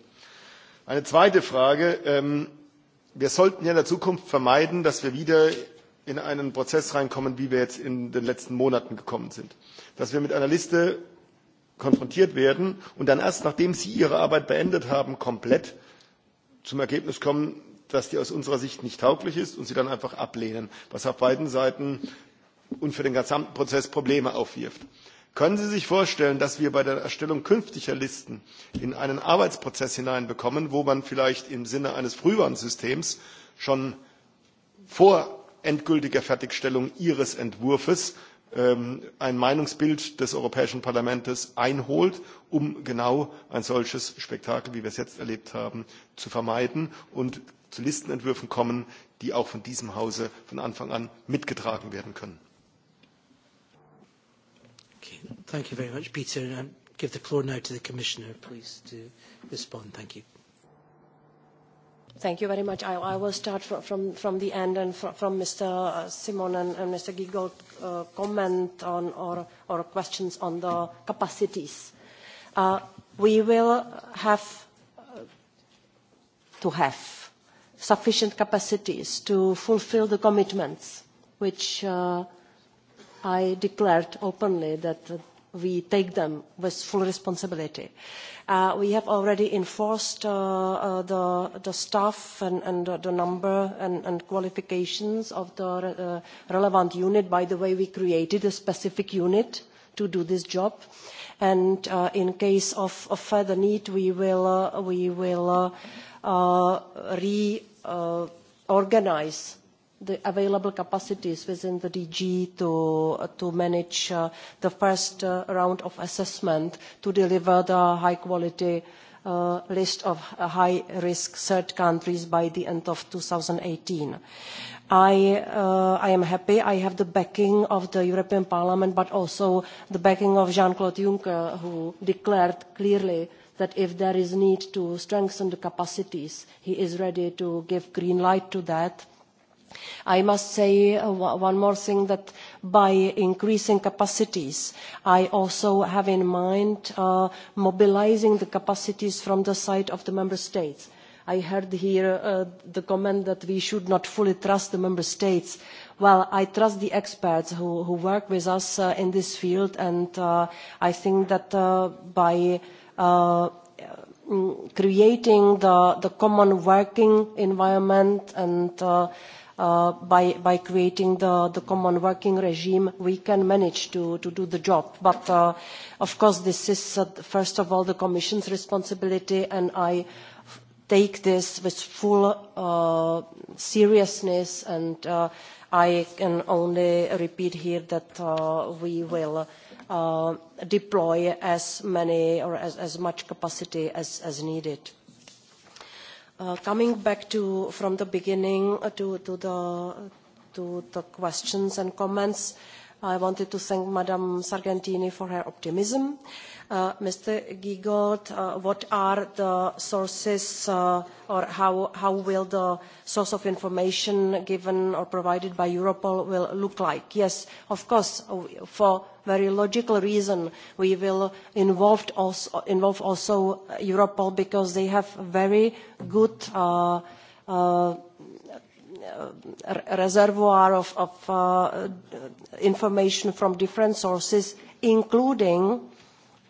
Eine zweite Frage. Ähm, wir sollten ja in der Zukunft vermeiden, dass wir wieder in einen Prozess reinkommen, wie wir jetzt in den letzten Monaten gekommen sind. Dass wir mit einer Liste konfrontiert werden und dann erst, nachdem sie ihre Arbeit beendet haben, komplett zum Ergebnis kommen, dass die aus unserer Sicht nicht tauglich ist und sie dann einfach ablehnen, was auf beiden Seiten und für den gesamten Prozess Probleme aufwirft. Können Sie sich vorstellen, dass wir bei der Erstellung künftiger Listen in einen Arbeitsprozess hineinbekommen, wo man vielleicht im Sinne eines Frühwarnsystems schon vor endgültiger Fertigstellung Ihres Entwurfs Ähm, ein Meinungsbild des Europäischen Parlaments einholt, um genau ein solches Spektakel, wie wir es jetzt erlebt haben, zu vermeiden und zu Listenentwürfen kommen, die auch von diesem Hause von Anfang an mitgetragen werden können. Okay, thank you very much, Peter. give the floor now to the Commissioner, please, to respond. Thank you. Thank you very much. I, I will start from, from, from the end and from, from Mr. Uh, Simon and, and Mr. Giegold uh, comment on or, or questions on the capacities. Uh, we will have uh, to have sufficient capacities to fulfil the commitments which uh, I declared openly that we take them with full responsibility. Uh, we have already enforced uh, uh, the, staff and, the number and, qualifications of the relevant unit. By the way, we created a specific unit to do this job. And in case of, of, further need, we will, we will reorganise the available capacities within the DG to, manage uh, the first uh, round of assessment to deliver the high quality uh, list of high risk third countries by the end of 2018. I, I am happy I have the backing of the European Parliament but also the backing of Jean-Claude Juncker who declared clearly that if there is need to strengthen the capacities, he is ready to give green light to that I must say uh, one more thing that by increasing capacities, I also have in mind uh, mobilising the capacities from the side of the member states. I heard here uh, the comment that we should not fully trust the member states. Well, I trust the experts who, work with us in this field, and I think that by mm, creating the, common working environment and Uh, by, creating the, the common working regime, we can manage to, to do the job. But uh, of course, this is, uh, first of all, the Commission's responsibility, and I take this with full seriousness, and I can only repeat here that we will deploy as many or as, much capacity as needed. Uh, coming back to from the beginning uh, to, to, the, to the questions and comments, I wanted to thank Madam Sargentini for her optimism. Uh, Mr. Giegold, uh, what are the sources uh, or how, how will the source of information given or provided by Europol will look like? Yes, of course, uh, for very logical reason we will involve also, involve also Europol because they have very good uh, uh, reservoir of, of uh, information from different sources, including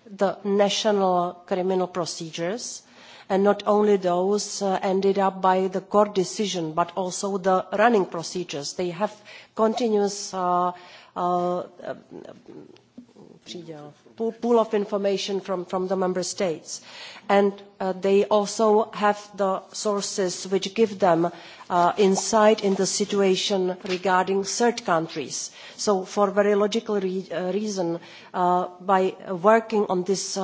the national criminal procedures and not only those uh, ended up by the court decision but also the running procedures. They have continuous uh, a uh, um, um, um, pool of information from, the member states. And uh, they also have the sources which give them uh, insight into the situation regarding third countries. So for a very logical reason, by working on this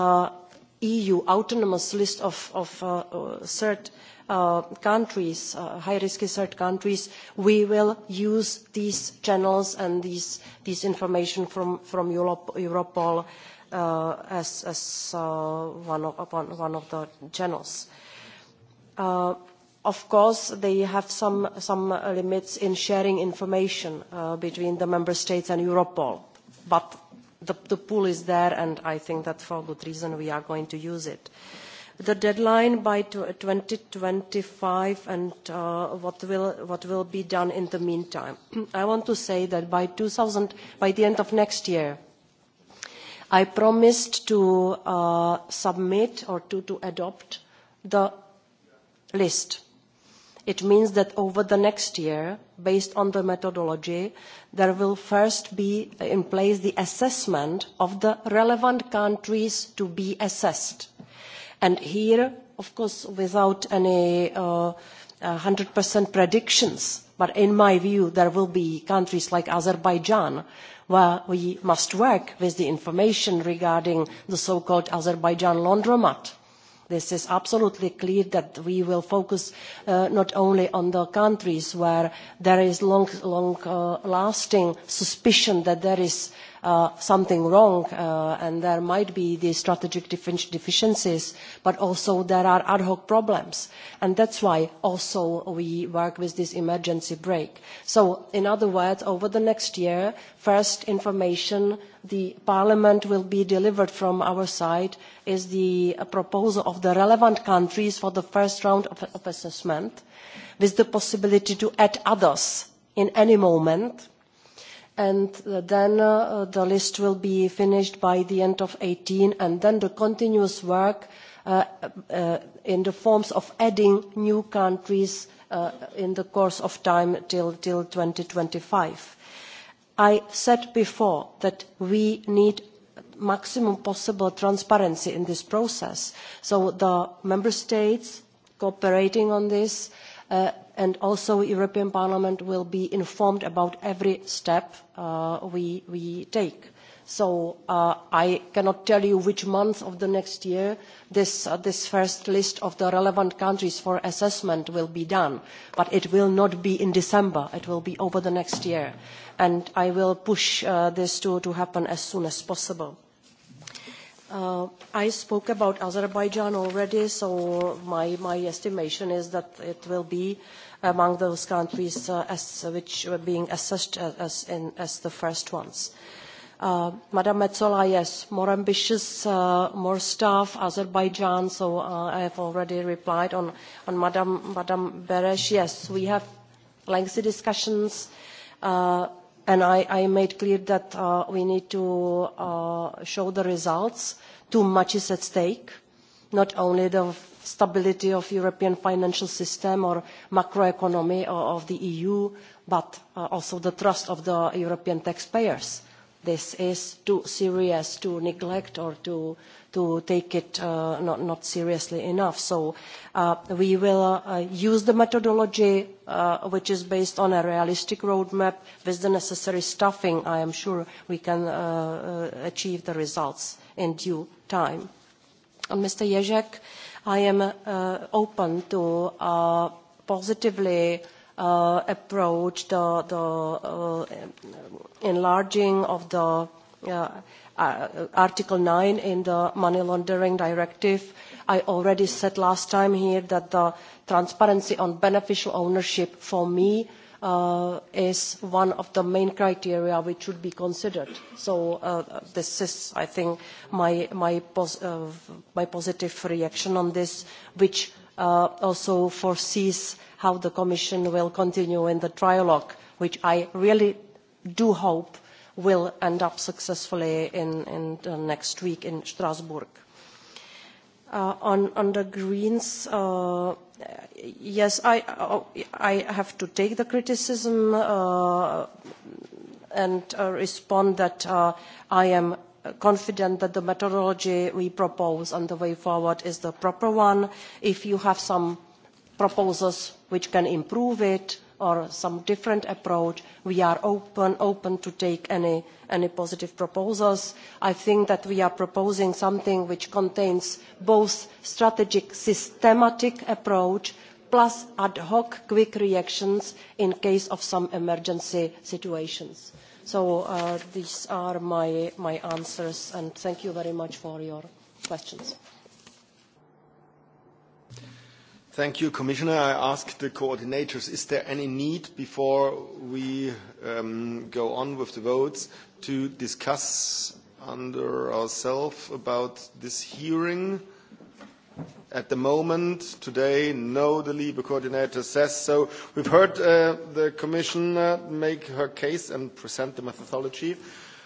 EU autonomous list of, third uh, countries, uh, high-risk third countries, we will use these channels and these, these information from, from Europol uh, as, as uh, one, of, the channels. Uh, of course they have some, some limits in sharing information between the member states and europol but the, the pool is there and i think that for good reason we are going to use it the deadline by two thousand and twenty five and what, will, be done in the meantime. *clears throat* i want to say that by, the end of next year i promised to uh, submit or to adopt the list. it means that over the next year based on the methodology there will first be in place the assessment of the relevant countries to be assessed And here, of course, without any one uh, uh, hundred predictions, but in my view, there will be countries like Azerbaijan where we must work with the information regarding the so-called Azerbaijan laundromat. This is absolutely clear that we will focus uh, not only on the countries where there is long, long lasting suspicion that there is Uh, something wrong uh, and there might be these strategic deficiencies, but also there are ad hoc problems. And that's why also we work with this emergency break. So in other words, over the next year, first information the Parliament will be delivered from our side is the proposal of the relevant countries for the first round of, of assessment with the possibility to add others in any moment and then uh, the list will be finished by the end of thousand and then the continuous work uh, uh, in the forms of adding new countries in the course of time till, twenty five. I said before that we need maximum possible transparency in this process. So the member states cooperating on this uh, and also the european parliament will be informed about every step uh, we, take. so uh, i cannot tell you which month of the next year uh, this, first list of the relevant countries for assessment will be done but it will not be in december it will be over the next year and i will push this to happen as soon as possible Uh, I spoke about Azerbaijan already, so my, my estimation is that it will be among those countries uh, as, which were being assessed as, in, as the first ones. Uh, Madam Metzola, yes, more ambitious, uh, more staff, Azerbaijan, so uh, I have already replied on, on Madam, Madam Beresh. Yes, we have lengthy discussions. Uh, and I, I made clear that uh, we need to uh, show the results. Too much is at stake, not only the stability of European financial system or macroeconomy of the EU, but uh, also the trust of the European taxpayers this is too serious to neglect or to, to take it uh, not, not seriously enough. So uh, we will uh, use the methodology uh, which is based on a realistic roadmap with the necessary staffing. I am sure we can uh, uh achieve the results in due time. And Mr. Jezek, I am uh, open to uh, positively uh, approach, the, the uh, enlarging of the uh, uh, Article 9 in the Money Laundering Directive. I already said last time here that the transparency on beneficial ownership for me uh, is one of the main criteria which should be considered. So uh, this is, I think, my, my, pos uh, my positive reaction on this, which Uh, also foresees how the Commission will continue in the trilogue, which I really do hope will end up successfully in, next week in Strasbourg. Uh, on, the Greens, uh, yes, I, I have to take the criticism and respond that I am confident that the methodology we propose on the way forward is the proper one. if you have some proposals which can improve it or some different approach we are open, to take any positive proposals. i think that we are proposing something which contains both a strategic systematic approach plus ad hoc quick reactions in case of some emergency situations. So uh, these are my, my answers, and thank you very much for your questions. Thank you, Commissioner. I ask the coordinators, is there any need before we um, go on with the votes to discuss under ourselves about this hearing? at the moment, today, no, the LIBE coordinator says so. We've heard uh, the Commission uh, make her case and present the methodology.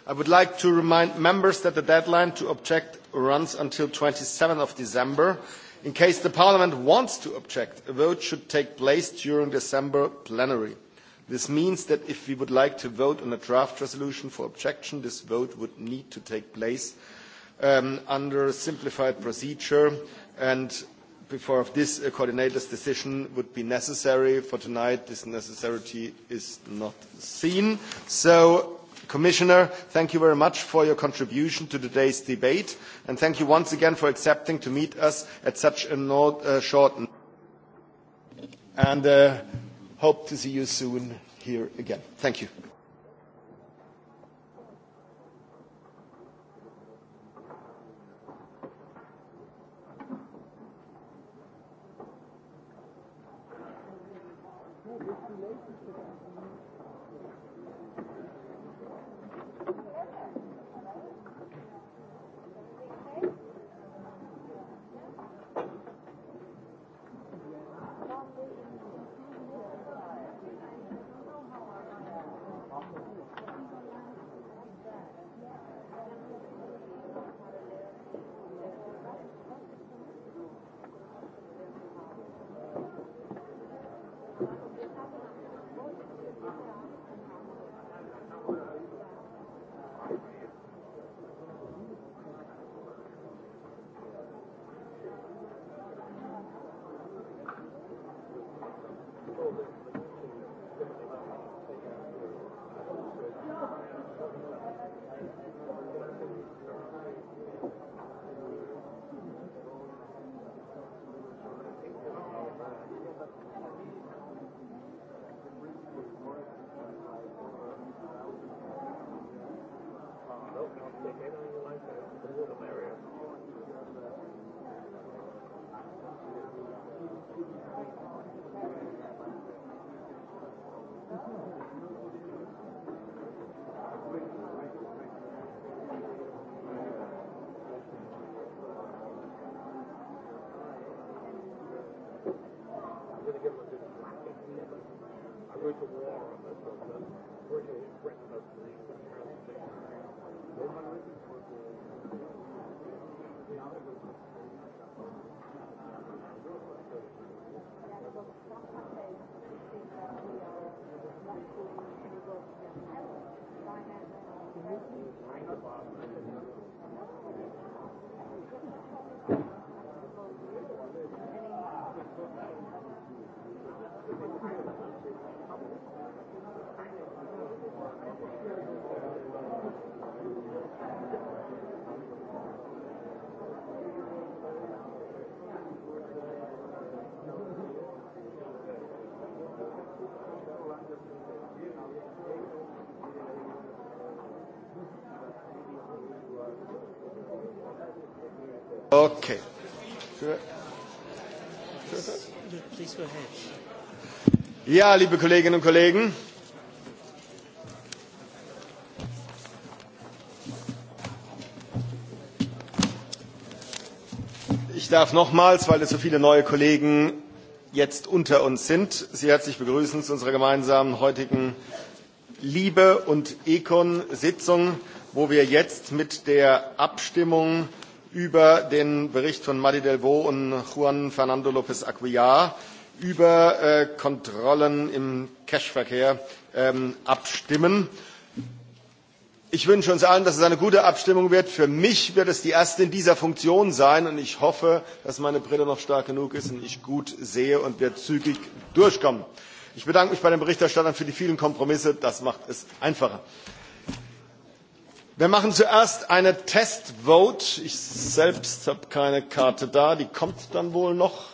I would like to remind members that the deadline to object runs until 27th of December. In case the Parliament wants to object, a vote should take place during December plenary. This means that if we would like to vote on a draft resolution for objection, this vote would need to take place um, under a simplified procedure And before this a coordinator's decision would be necessary. For tonight, this necessity is not seen. So, Commissioner, thank you very much for your contribution to today's debate, and thank you once again for accepting to meet us at such a not, uh, short and uh, hope to see you soon here again. Thank you. Okay. Ja, liebe Kolleginnen und Kollegen. Ich darf nochmals, weil es so viele neue Kollegen jetzt unter uns sind, Sie herzlich begrüßen zu unserer gemeinsamen heutigen Liebe und Econ-Sitzung, wo wir jetzt mit der Abstimmung über den Bericht von Madi Delvaux und Juan Fernando López Aguilar über äh, Kontrollen im Cashverkehr ähm, abstimmen. Ich wünsche uns allen, dass es eine gute Abstimmung wird. Für mich wird es die erste in dieser Funktion sein und ich hoffe, dass meine Brille noch stark genug ist und ich gut sehe und wir zügig durchkommen. Ich bedanke mich bei den Berichterstattern für die vielen Kompromisse. Das macht es einfacher. Wir machen zuerst eine Testvote. Ich selbst habe keine Karte da, die kommt dann wohl noch.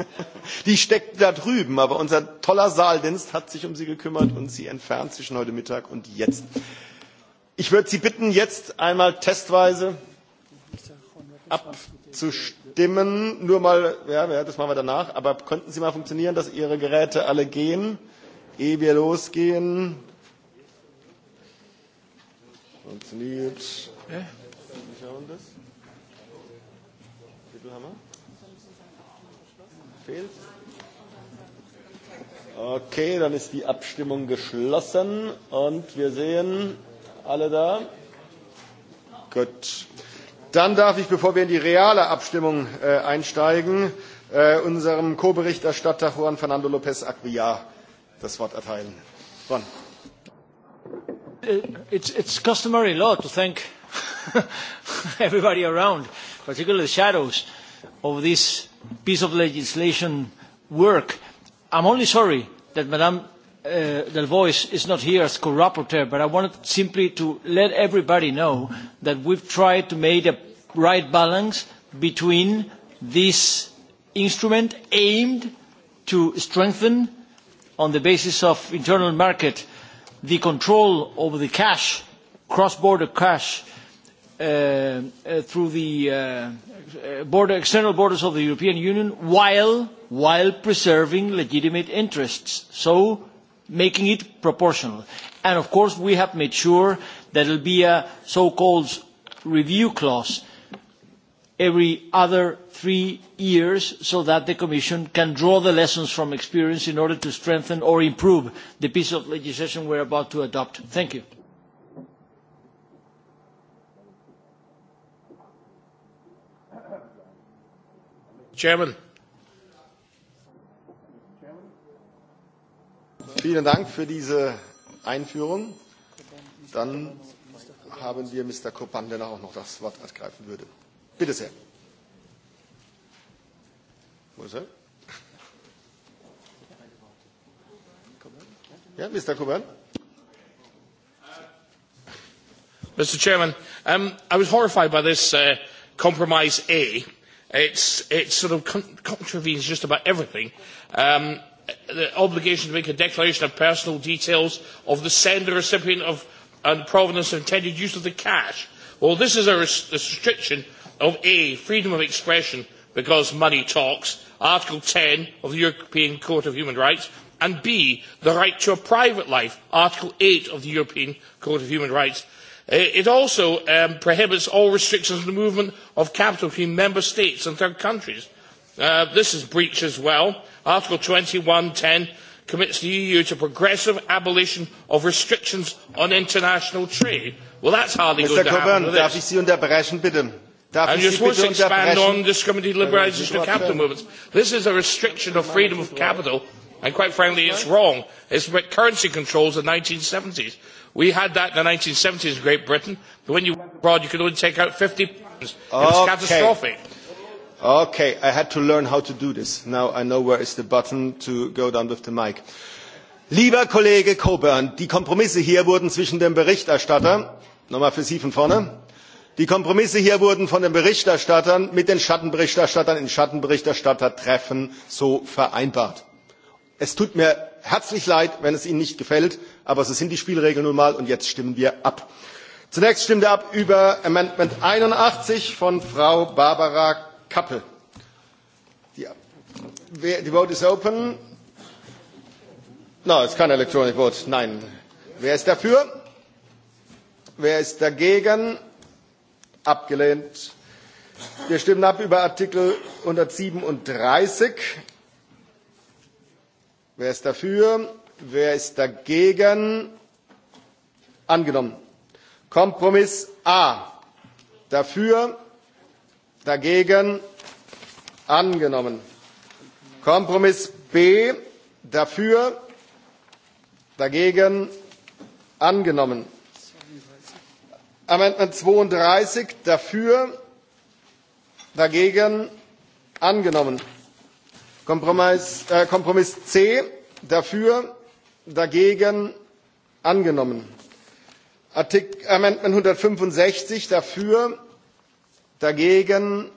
*laughs* die steckt da drüben, aber unser toller Saaldienst hat sich um sie gekümmert und sie entfernt zwischen heute Mittag und jetzt. Ich würde Sie bitten, jetzt einmal testweise abzustimmen. Nur mal, ja, das machen wir danach, aber könnten Sie mal funktionieren, dass Ihre Geräte alle gehen, ehe wir losgehen? Wie viel haben wir? Fehlt? Okay, dann ist die Abstimmung geschlossen und wir sehen alle da. Gut. Dann darf ich, bevor wir in die reale Abstimmung äh, einsteigen, äh, unserem Co-Berichterstatter Juan Fernando López Aguilar das Wort erteilen. Juan. Uh, it's, it's customary law to thank *laughs* everybody around, particularly the shadows, of this piece of legislation work. I'm only sorry that Madame uh, Delvois is not here as co-rapporteur, but I wanted simply to let everybody know that we've tried to make a right balance between this instrument aimed to strengthen on the basis of internal market the control over the cash, cross-border cash, uh, uh, through the uh, uh, border, external borders of the European Union while, while preserving legitimate interests, so making it proportional. And of course, we have made sure that there will be a so-called review clause every other three years so that the Commission can draw the lessons from experience in order to strengthen or improve the piece of legislation we are about to adopt. Thank you. Chairman. Vielen Dank für diese Einführung. Dann haben wir Mr. Kopan, der auch noch das Wort ergreifen würde. Bitte sehr. Wo ist er? Mr. Kuban. Mr. Chairman, um, I was horrified by this uh, compromise A. It's, it sort of con contravenes just about everything. Um, the obligation to make a declaration of personal details of the sender, recipient of, and provenance of intended use of the cash. Well, this is a, res a restriction of A, freedom of expression because money talks, Article 10 of the European Court of Human Rights, and B, the right to a private life, Article 8 of the European Court of Human Rights. Uh, it also um, prohibits all restrictions on the movement of capital between member states and third countries. Uh, this is breach as well. Article 2110 commits the EU to progressive abolition of restrictions on international trade. Well, that's hardly Mr. going to Coburn, happen. Mr. Coburn, darf ich Sie unterbrechen, bitte? and you're supposed to expand on discriminating liberalisation of capital movements. This is a restriction of freedom of capital, and quite frankly, it's wrong. It's about currency controls in the 1970s. We had that in the 1970s in Great Britain, but when you went abroad, you could only take out 50 pounds. It was okay. catastrophic. Okay, I had to learn how to do this. Now I know where is the button to go down with the mic. Lieber Kollege Coburn, die Kompromisse hier wurden zwischen dem Berichterstatter, nochmal für Sie von vorne, Die Kompromisse hier wurden von den Berichterstattern mit den Schattenberichterstattern in Schattenberichterstattertreffen so vereinbart. Es tut mir herzlich leid, wenn es Ihnen nicht gefällt, aber so sind die Spielregeln nun mal und jetzt stimmen wir ab. Zunächst stimmen wir ab über Amendment 81 von Frau Barbara Kappel. Die, die vote is open. No, it's kein electronic vote. Nein. Wer ist dafür? Wer ist dagegen? abgelehnt. Wir stimmen ab über Artikel 137. Wer ist dafür? Wer ist dagegen? Angenommen. Kompromiss A. Dafür, dagegen, angenommen. Kompromiss B. Dafür, dagegen, angenommen. Amendment 32 dafür, dagegen angenommen. Kompromiss, äh, Kompromiss C dafür, dagegen angenommen. Artikel Amendment 165 dafür, dagegen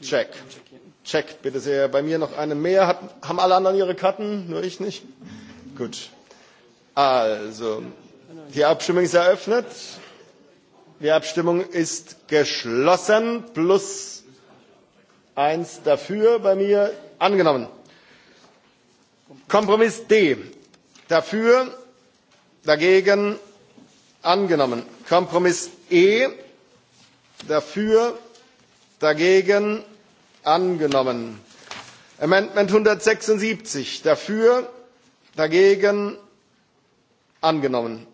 check. Check, bitte sehr. Bei mir noch einen mehr. Hat, haben alle anderen ihre Karten? Nur ich nicht? Gut. Also, Die Abstimmung ist eröffnet. Die Abstimmung ist geschlossen. Plus eins dafür bei mir angenommen. Kompromiss D. Dafür, dagegen angenommen. Kompromiss E. Dafür, dagegen angenommen. Amendment 176. Dafür, dagegen angenommen.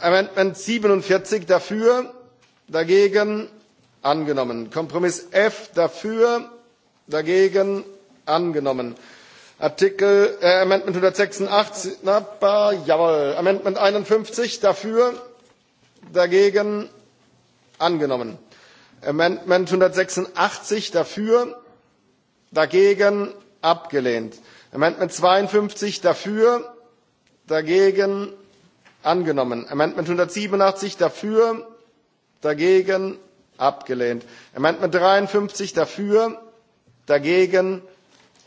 Amendment 47 dafür, dagegen angenommen. Kompromiss F dafür, dagegen angenommen. Artikel äh, Amendment 186, na, bah, jawohl. Amendment 51 dafür, dagegen angenommen. Amendment 186 dafür, dagegen abgelehnt. Amendment 52 dafür, dagegen angenommen. Amendment 187 dafür, dagegen abgelehnt. Amendment 53 dafür, dagegen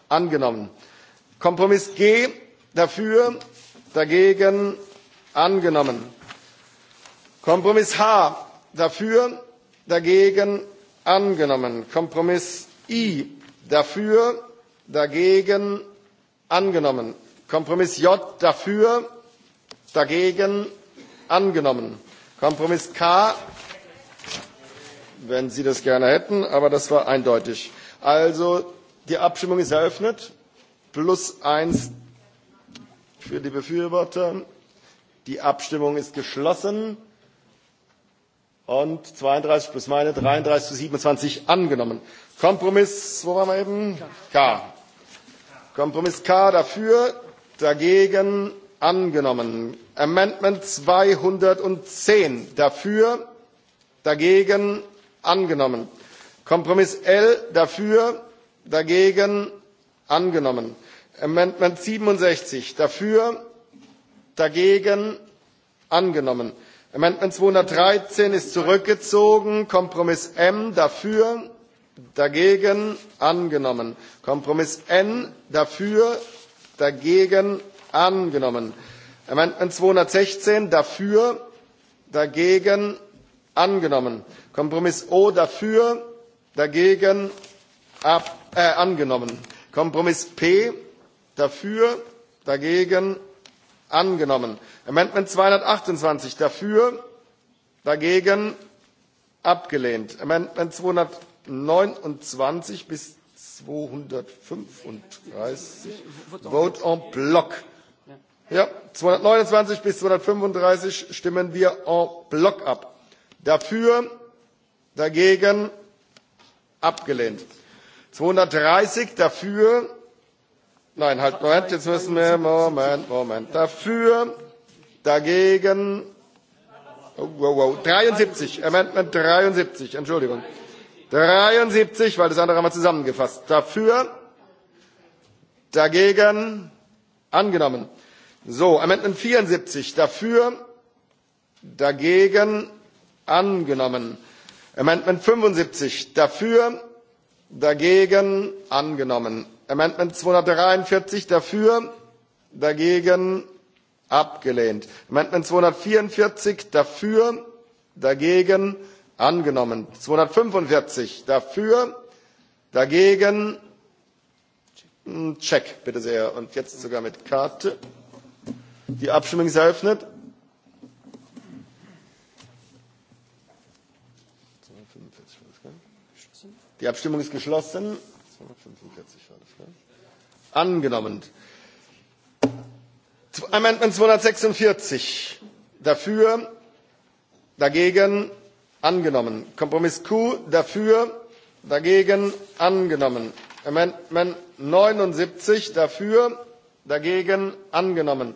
angenommen. Kompromiss G dafür, dagegen angenommen. Kompromiss H dafür, dagegen angenommen. Kompromiss I dafür, dagegen angenommen. Kompromiss J dafür, Dagegen angenommen. Kompromiss K, wenn Sie das gerne hätten, aber das war eindeutig. Also die Abstimmung ist eröffnet. Plus eins für die Befürworter. Die Abstimmung ist geschlossen und 32 plus meine 33 zu 27 angenommen. Kompromiss, wo waren wir eben? K. Kompromiss K dafür, dagegen angenommen. Amendment 210 dafür, dagegen angenommen. Kompromiss L dafür, dagegen angenommen. Amendment 67 dafür, dagegen angenommen. Amendment 213 ist zurückgezogen. Kompromiss M dafür, dagegen angenommen. Kompromiss N dafür, dagegen angenommen. Amendment 216 dafür, dagegen angenommen. Kompromiss O dafür, dagegen ab, äh, angenommen. Kompromiss P dafür, dagegen angenommen. Amendment 228 dafür, dagegen abgelehnt. Amendment 229 bis 235 Vote en bloc Ja, 229 bis 235 stimmen wir en bloc ab. Dafür, dagegen, abgelehnt. 230 dafür, nein, halt, Moment, jetzt müssen wir, Moment, Moment, dafür, dagegen, oh, wow, wow, 73, Amendment 73, Entschuldigung. 73, weil das andere haben wir zusammengefasst. Dafür, dagegen, angenommen. So, Amendment 74 dafür, dagegen angenommen. Amendment 75 dafür, dagegen angenommen. Amendment 243 dafür, dagegen abgelehnt. Amendment 244 dafür, dagegen angenommen. 245 dafür, dagegen check, bitte sehr. Und jetzt sogar mit Karte. Die Abstimmung ist eröffnet. Die Abstimmung ist geschlossen. war das, Angenommen. Amendment 246. Dafür, dagegen, angenommen. Kompromiss Q, dafür, dagegen, angenommen. Amendment 79, dafür, dagegen, angenommen.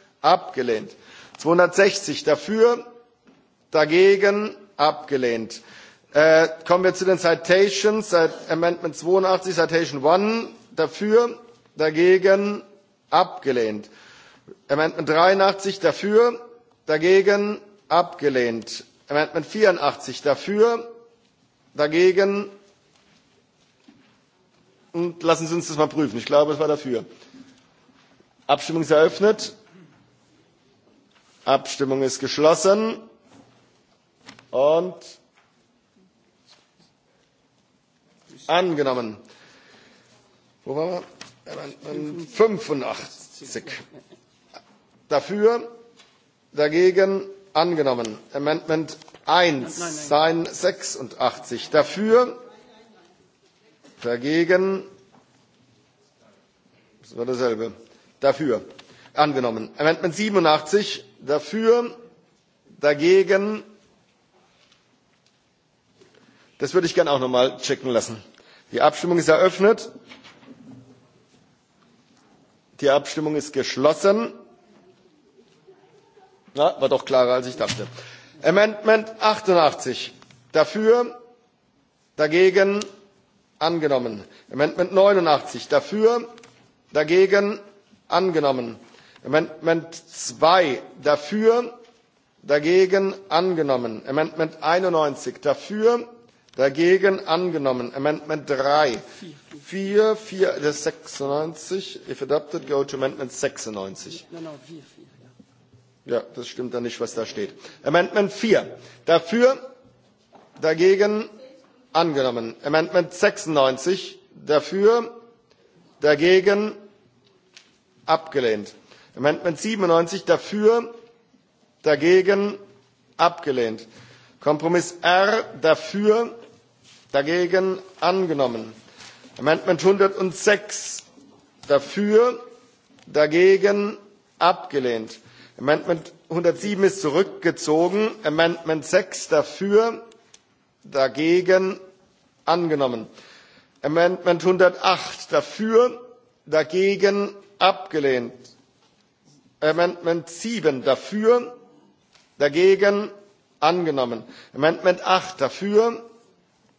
abgelehnt. 260 dafür, dagegen abgelehnt. Äh, kommen wir zu den Citations, Amendment 82, Citation 1, dafür, dagegen abgelehnt. Amendment 83 dafür, dagegen abgelehnt. Amendment 84 dafür, dagegen und lassen Sie uns das mal prüfen. Ich glaube, es war dafür. Abstimmung ist eröffnet. Abstimmung ist geschlossen. Und angenommen. Wo waren wir? 85. Äh, Dafür, dagegen angenommen. Amendment 1, sein 86. Dafür, dagegen, das war dasselbe. Dafür angenommen. Amendment 87 dafür, dagegen. Das würde ich gerne auch nochmal checken lassen. Die Abstimmung ist eröffnet. Die Abstimmung ist geschlossen. Na, war doch klarer, als ich dachte. Amendment 88. Dafür, dagegen, angenommen. Amendment 89. Dafür, dagegen, angenommen. Amendment 2 dafür, dagegen angenommen. Amendment 91 dafür, dagegen angenommen. Amendment 3. 4, 4, das 96. If adopted, go to Amendment 96. Ja, das stimmt dann nicht, was da steht. Amendment 4. Dafür, dagegen angenommen. Amendment 96. Dafür, dagegen abgelehnt. Amendment 97 dafür, dagegen abgelehnt. Kompromiss R dafür, dagegen angenommen. Amendment 106 dafür, dagegen abgelehnt. Amendment 107 ist zurückgezogen. Amendment 6 dafür, dagegen angenommen. Amendment 108 dafür, dagegen abgelehnt. Amendment 7 dafür, dagegen angenommen. Amendment 8 dafür,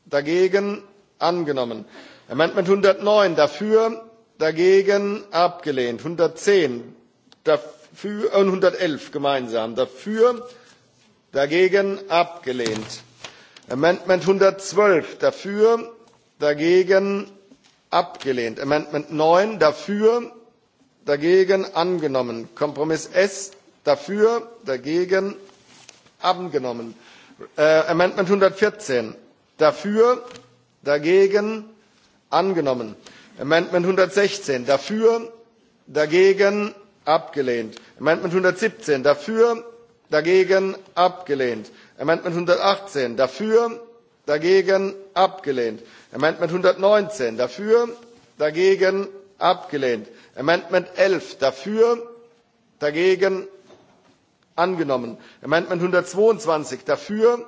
dagegen angenommen. Amendment 109 dafür, dagegen abgelehnt. 110 dafür, äh, 111 gemeinsam dafür, dagegen abgelehnt. Amendment 112 dafür, dagegen abgelehnt. Amendment 9 dafür, dagegen angenommen. Kompromiss S dafür, dagegen angenommen. Äh, Amendment 114 dafür, dagegen angenommen. Amendment 116 dafür, dagegen abgelehnt. Amendment 117 dafür, dagegen abgelehnt. Amendment 118 dafür, dagegen abgelehnt. Amendment 119 dafür, dagegen abgelehnt. Amendment 11 dafür, dagegen angenommen. Amendment 122 dafür,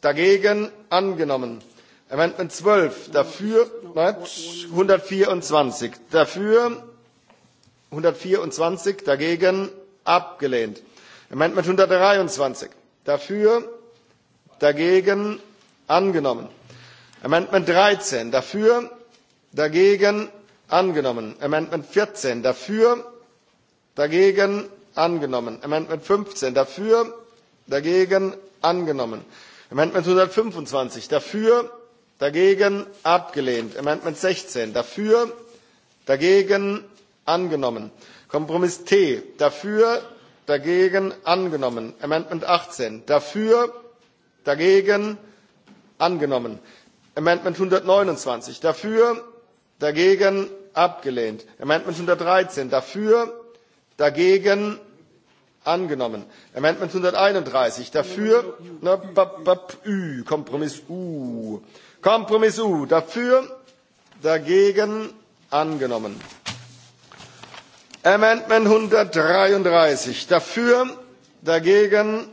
dagegen angenommen. Amendment 12 dafür, 124 dafür, 124 dagegen abgelehnt. Amendment 123 dafür, dagegen angenommen. Amendment 13 dafür, dagegen angenommen. Amendment 14 dafür, dagegen angenommen. Amendment 15 dafür, dagegen angenommen. Amendment 125 dafür, dagegen abgelehnt. Amendment 16 dafür, dagegen angenommen. Kompromiss T dafür, dagegen angenommen. Amendment 18 dafür, dagegen angenommen. Amendment 129 dafür, dagegen abgelehnt. Amendment 113 dafür, dagegen angenommen. Amendment 131 dafür, na, b, b, ü, Kompromiss U. Kompromiss U dafür, dagegen angenommen. Amendment 133 dafür, dagegen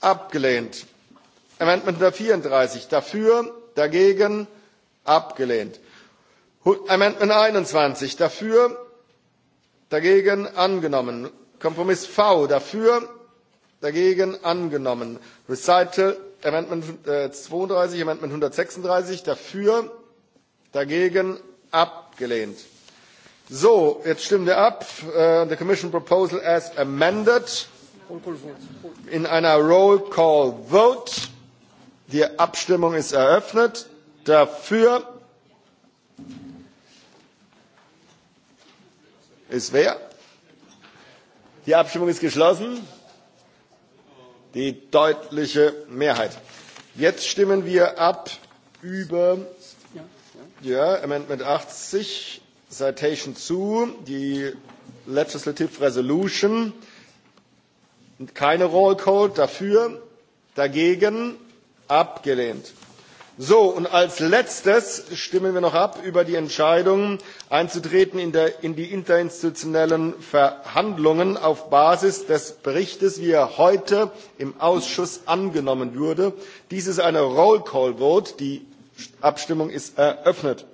abgelehnt. Amendment 134 dafür, dagegen abgelehnt. Amendment 21 dafür, dagegen angenommen. Kompromiss V dafür, dagegen angenommen. Recital Amendment äh, 32, Amendment 136 dafür, dagegen abgelehnt. So, jetzt stimmen wir ab. Uh, the Commission Proposal as amended in einer Roll Call Vote. Die Abstimmung ist eröffnet. Dafür ist wer? Die Abstimmung ist geschlossen. Die deutliche Mehrheit. Jetzt stimmen wir ab über ja, Amendment 80, Citation zu, die Legislative Resolution. Keine Roll code dafür, dagegen abgelehnt. So, und als letztes stimmen wir noch ab über die Entscheidung, einzutreten in, der, in die interinstitutionellen Verhandlungen auf Basis des Berichtes, wie er heute im Ausschuss angenommen wurde. Dies ist eine Roll Call Vote. Die Abstimmung ist eröffnet.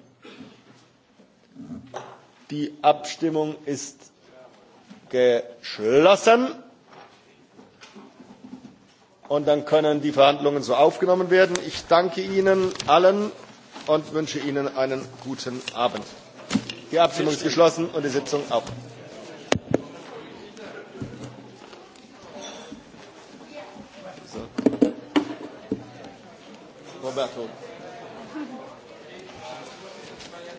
Die Abstimmung ist geschlossen und dann können die Verhandlungen so aufgenommen werden. Ich danke Ihnen allen und wünsche Ihnen einen guten Abend. Die Abstimmung ist geschlossen und die Sitzung auch. Roberto.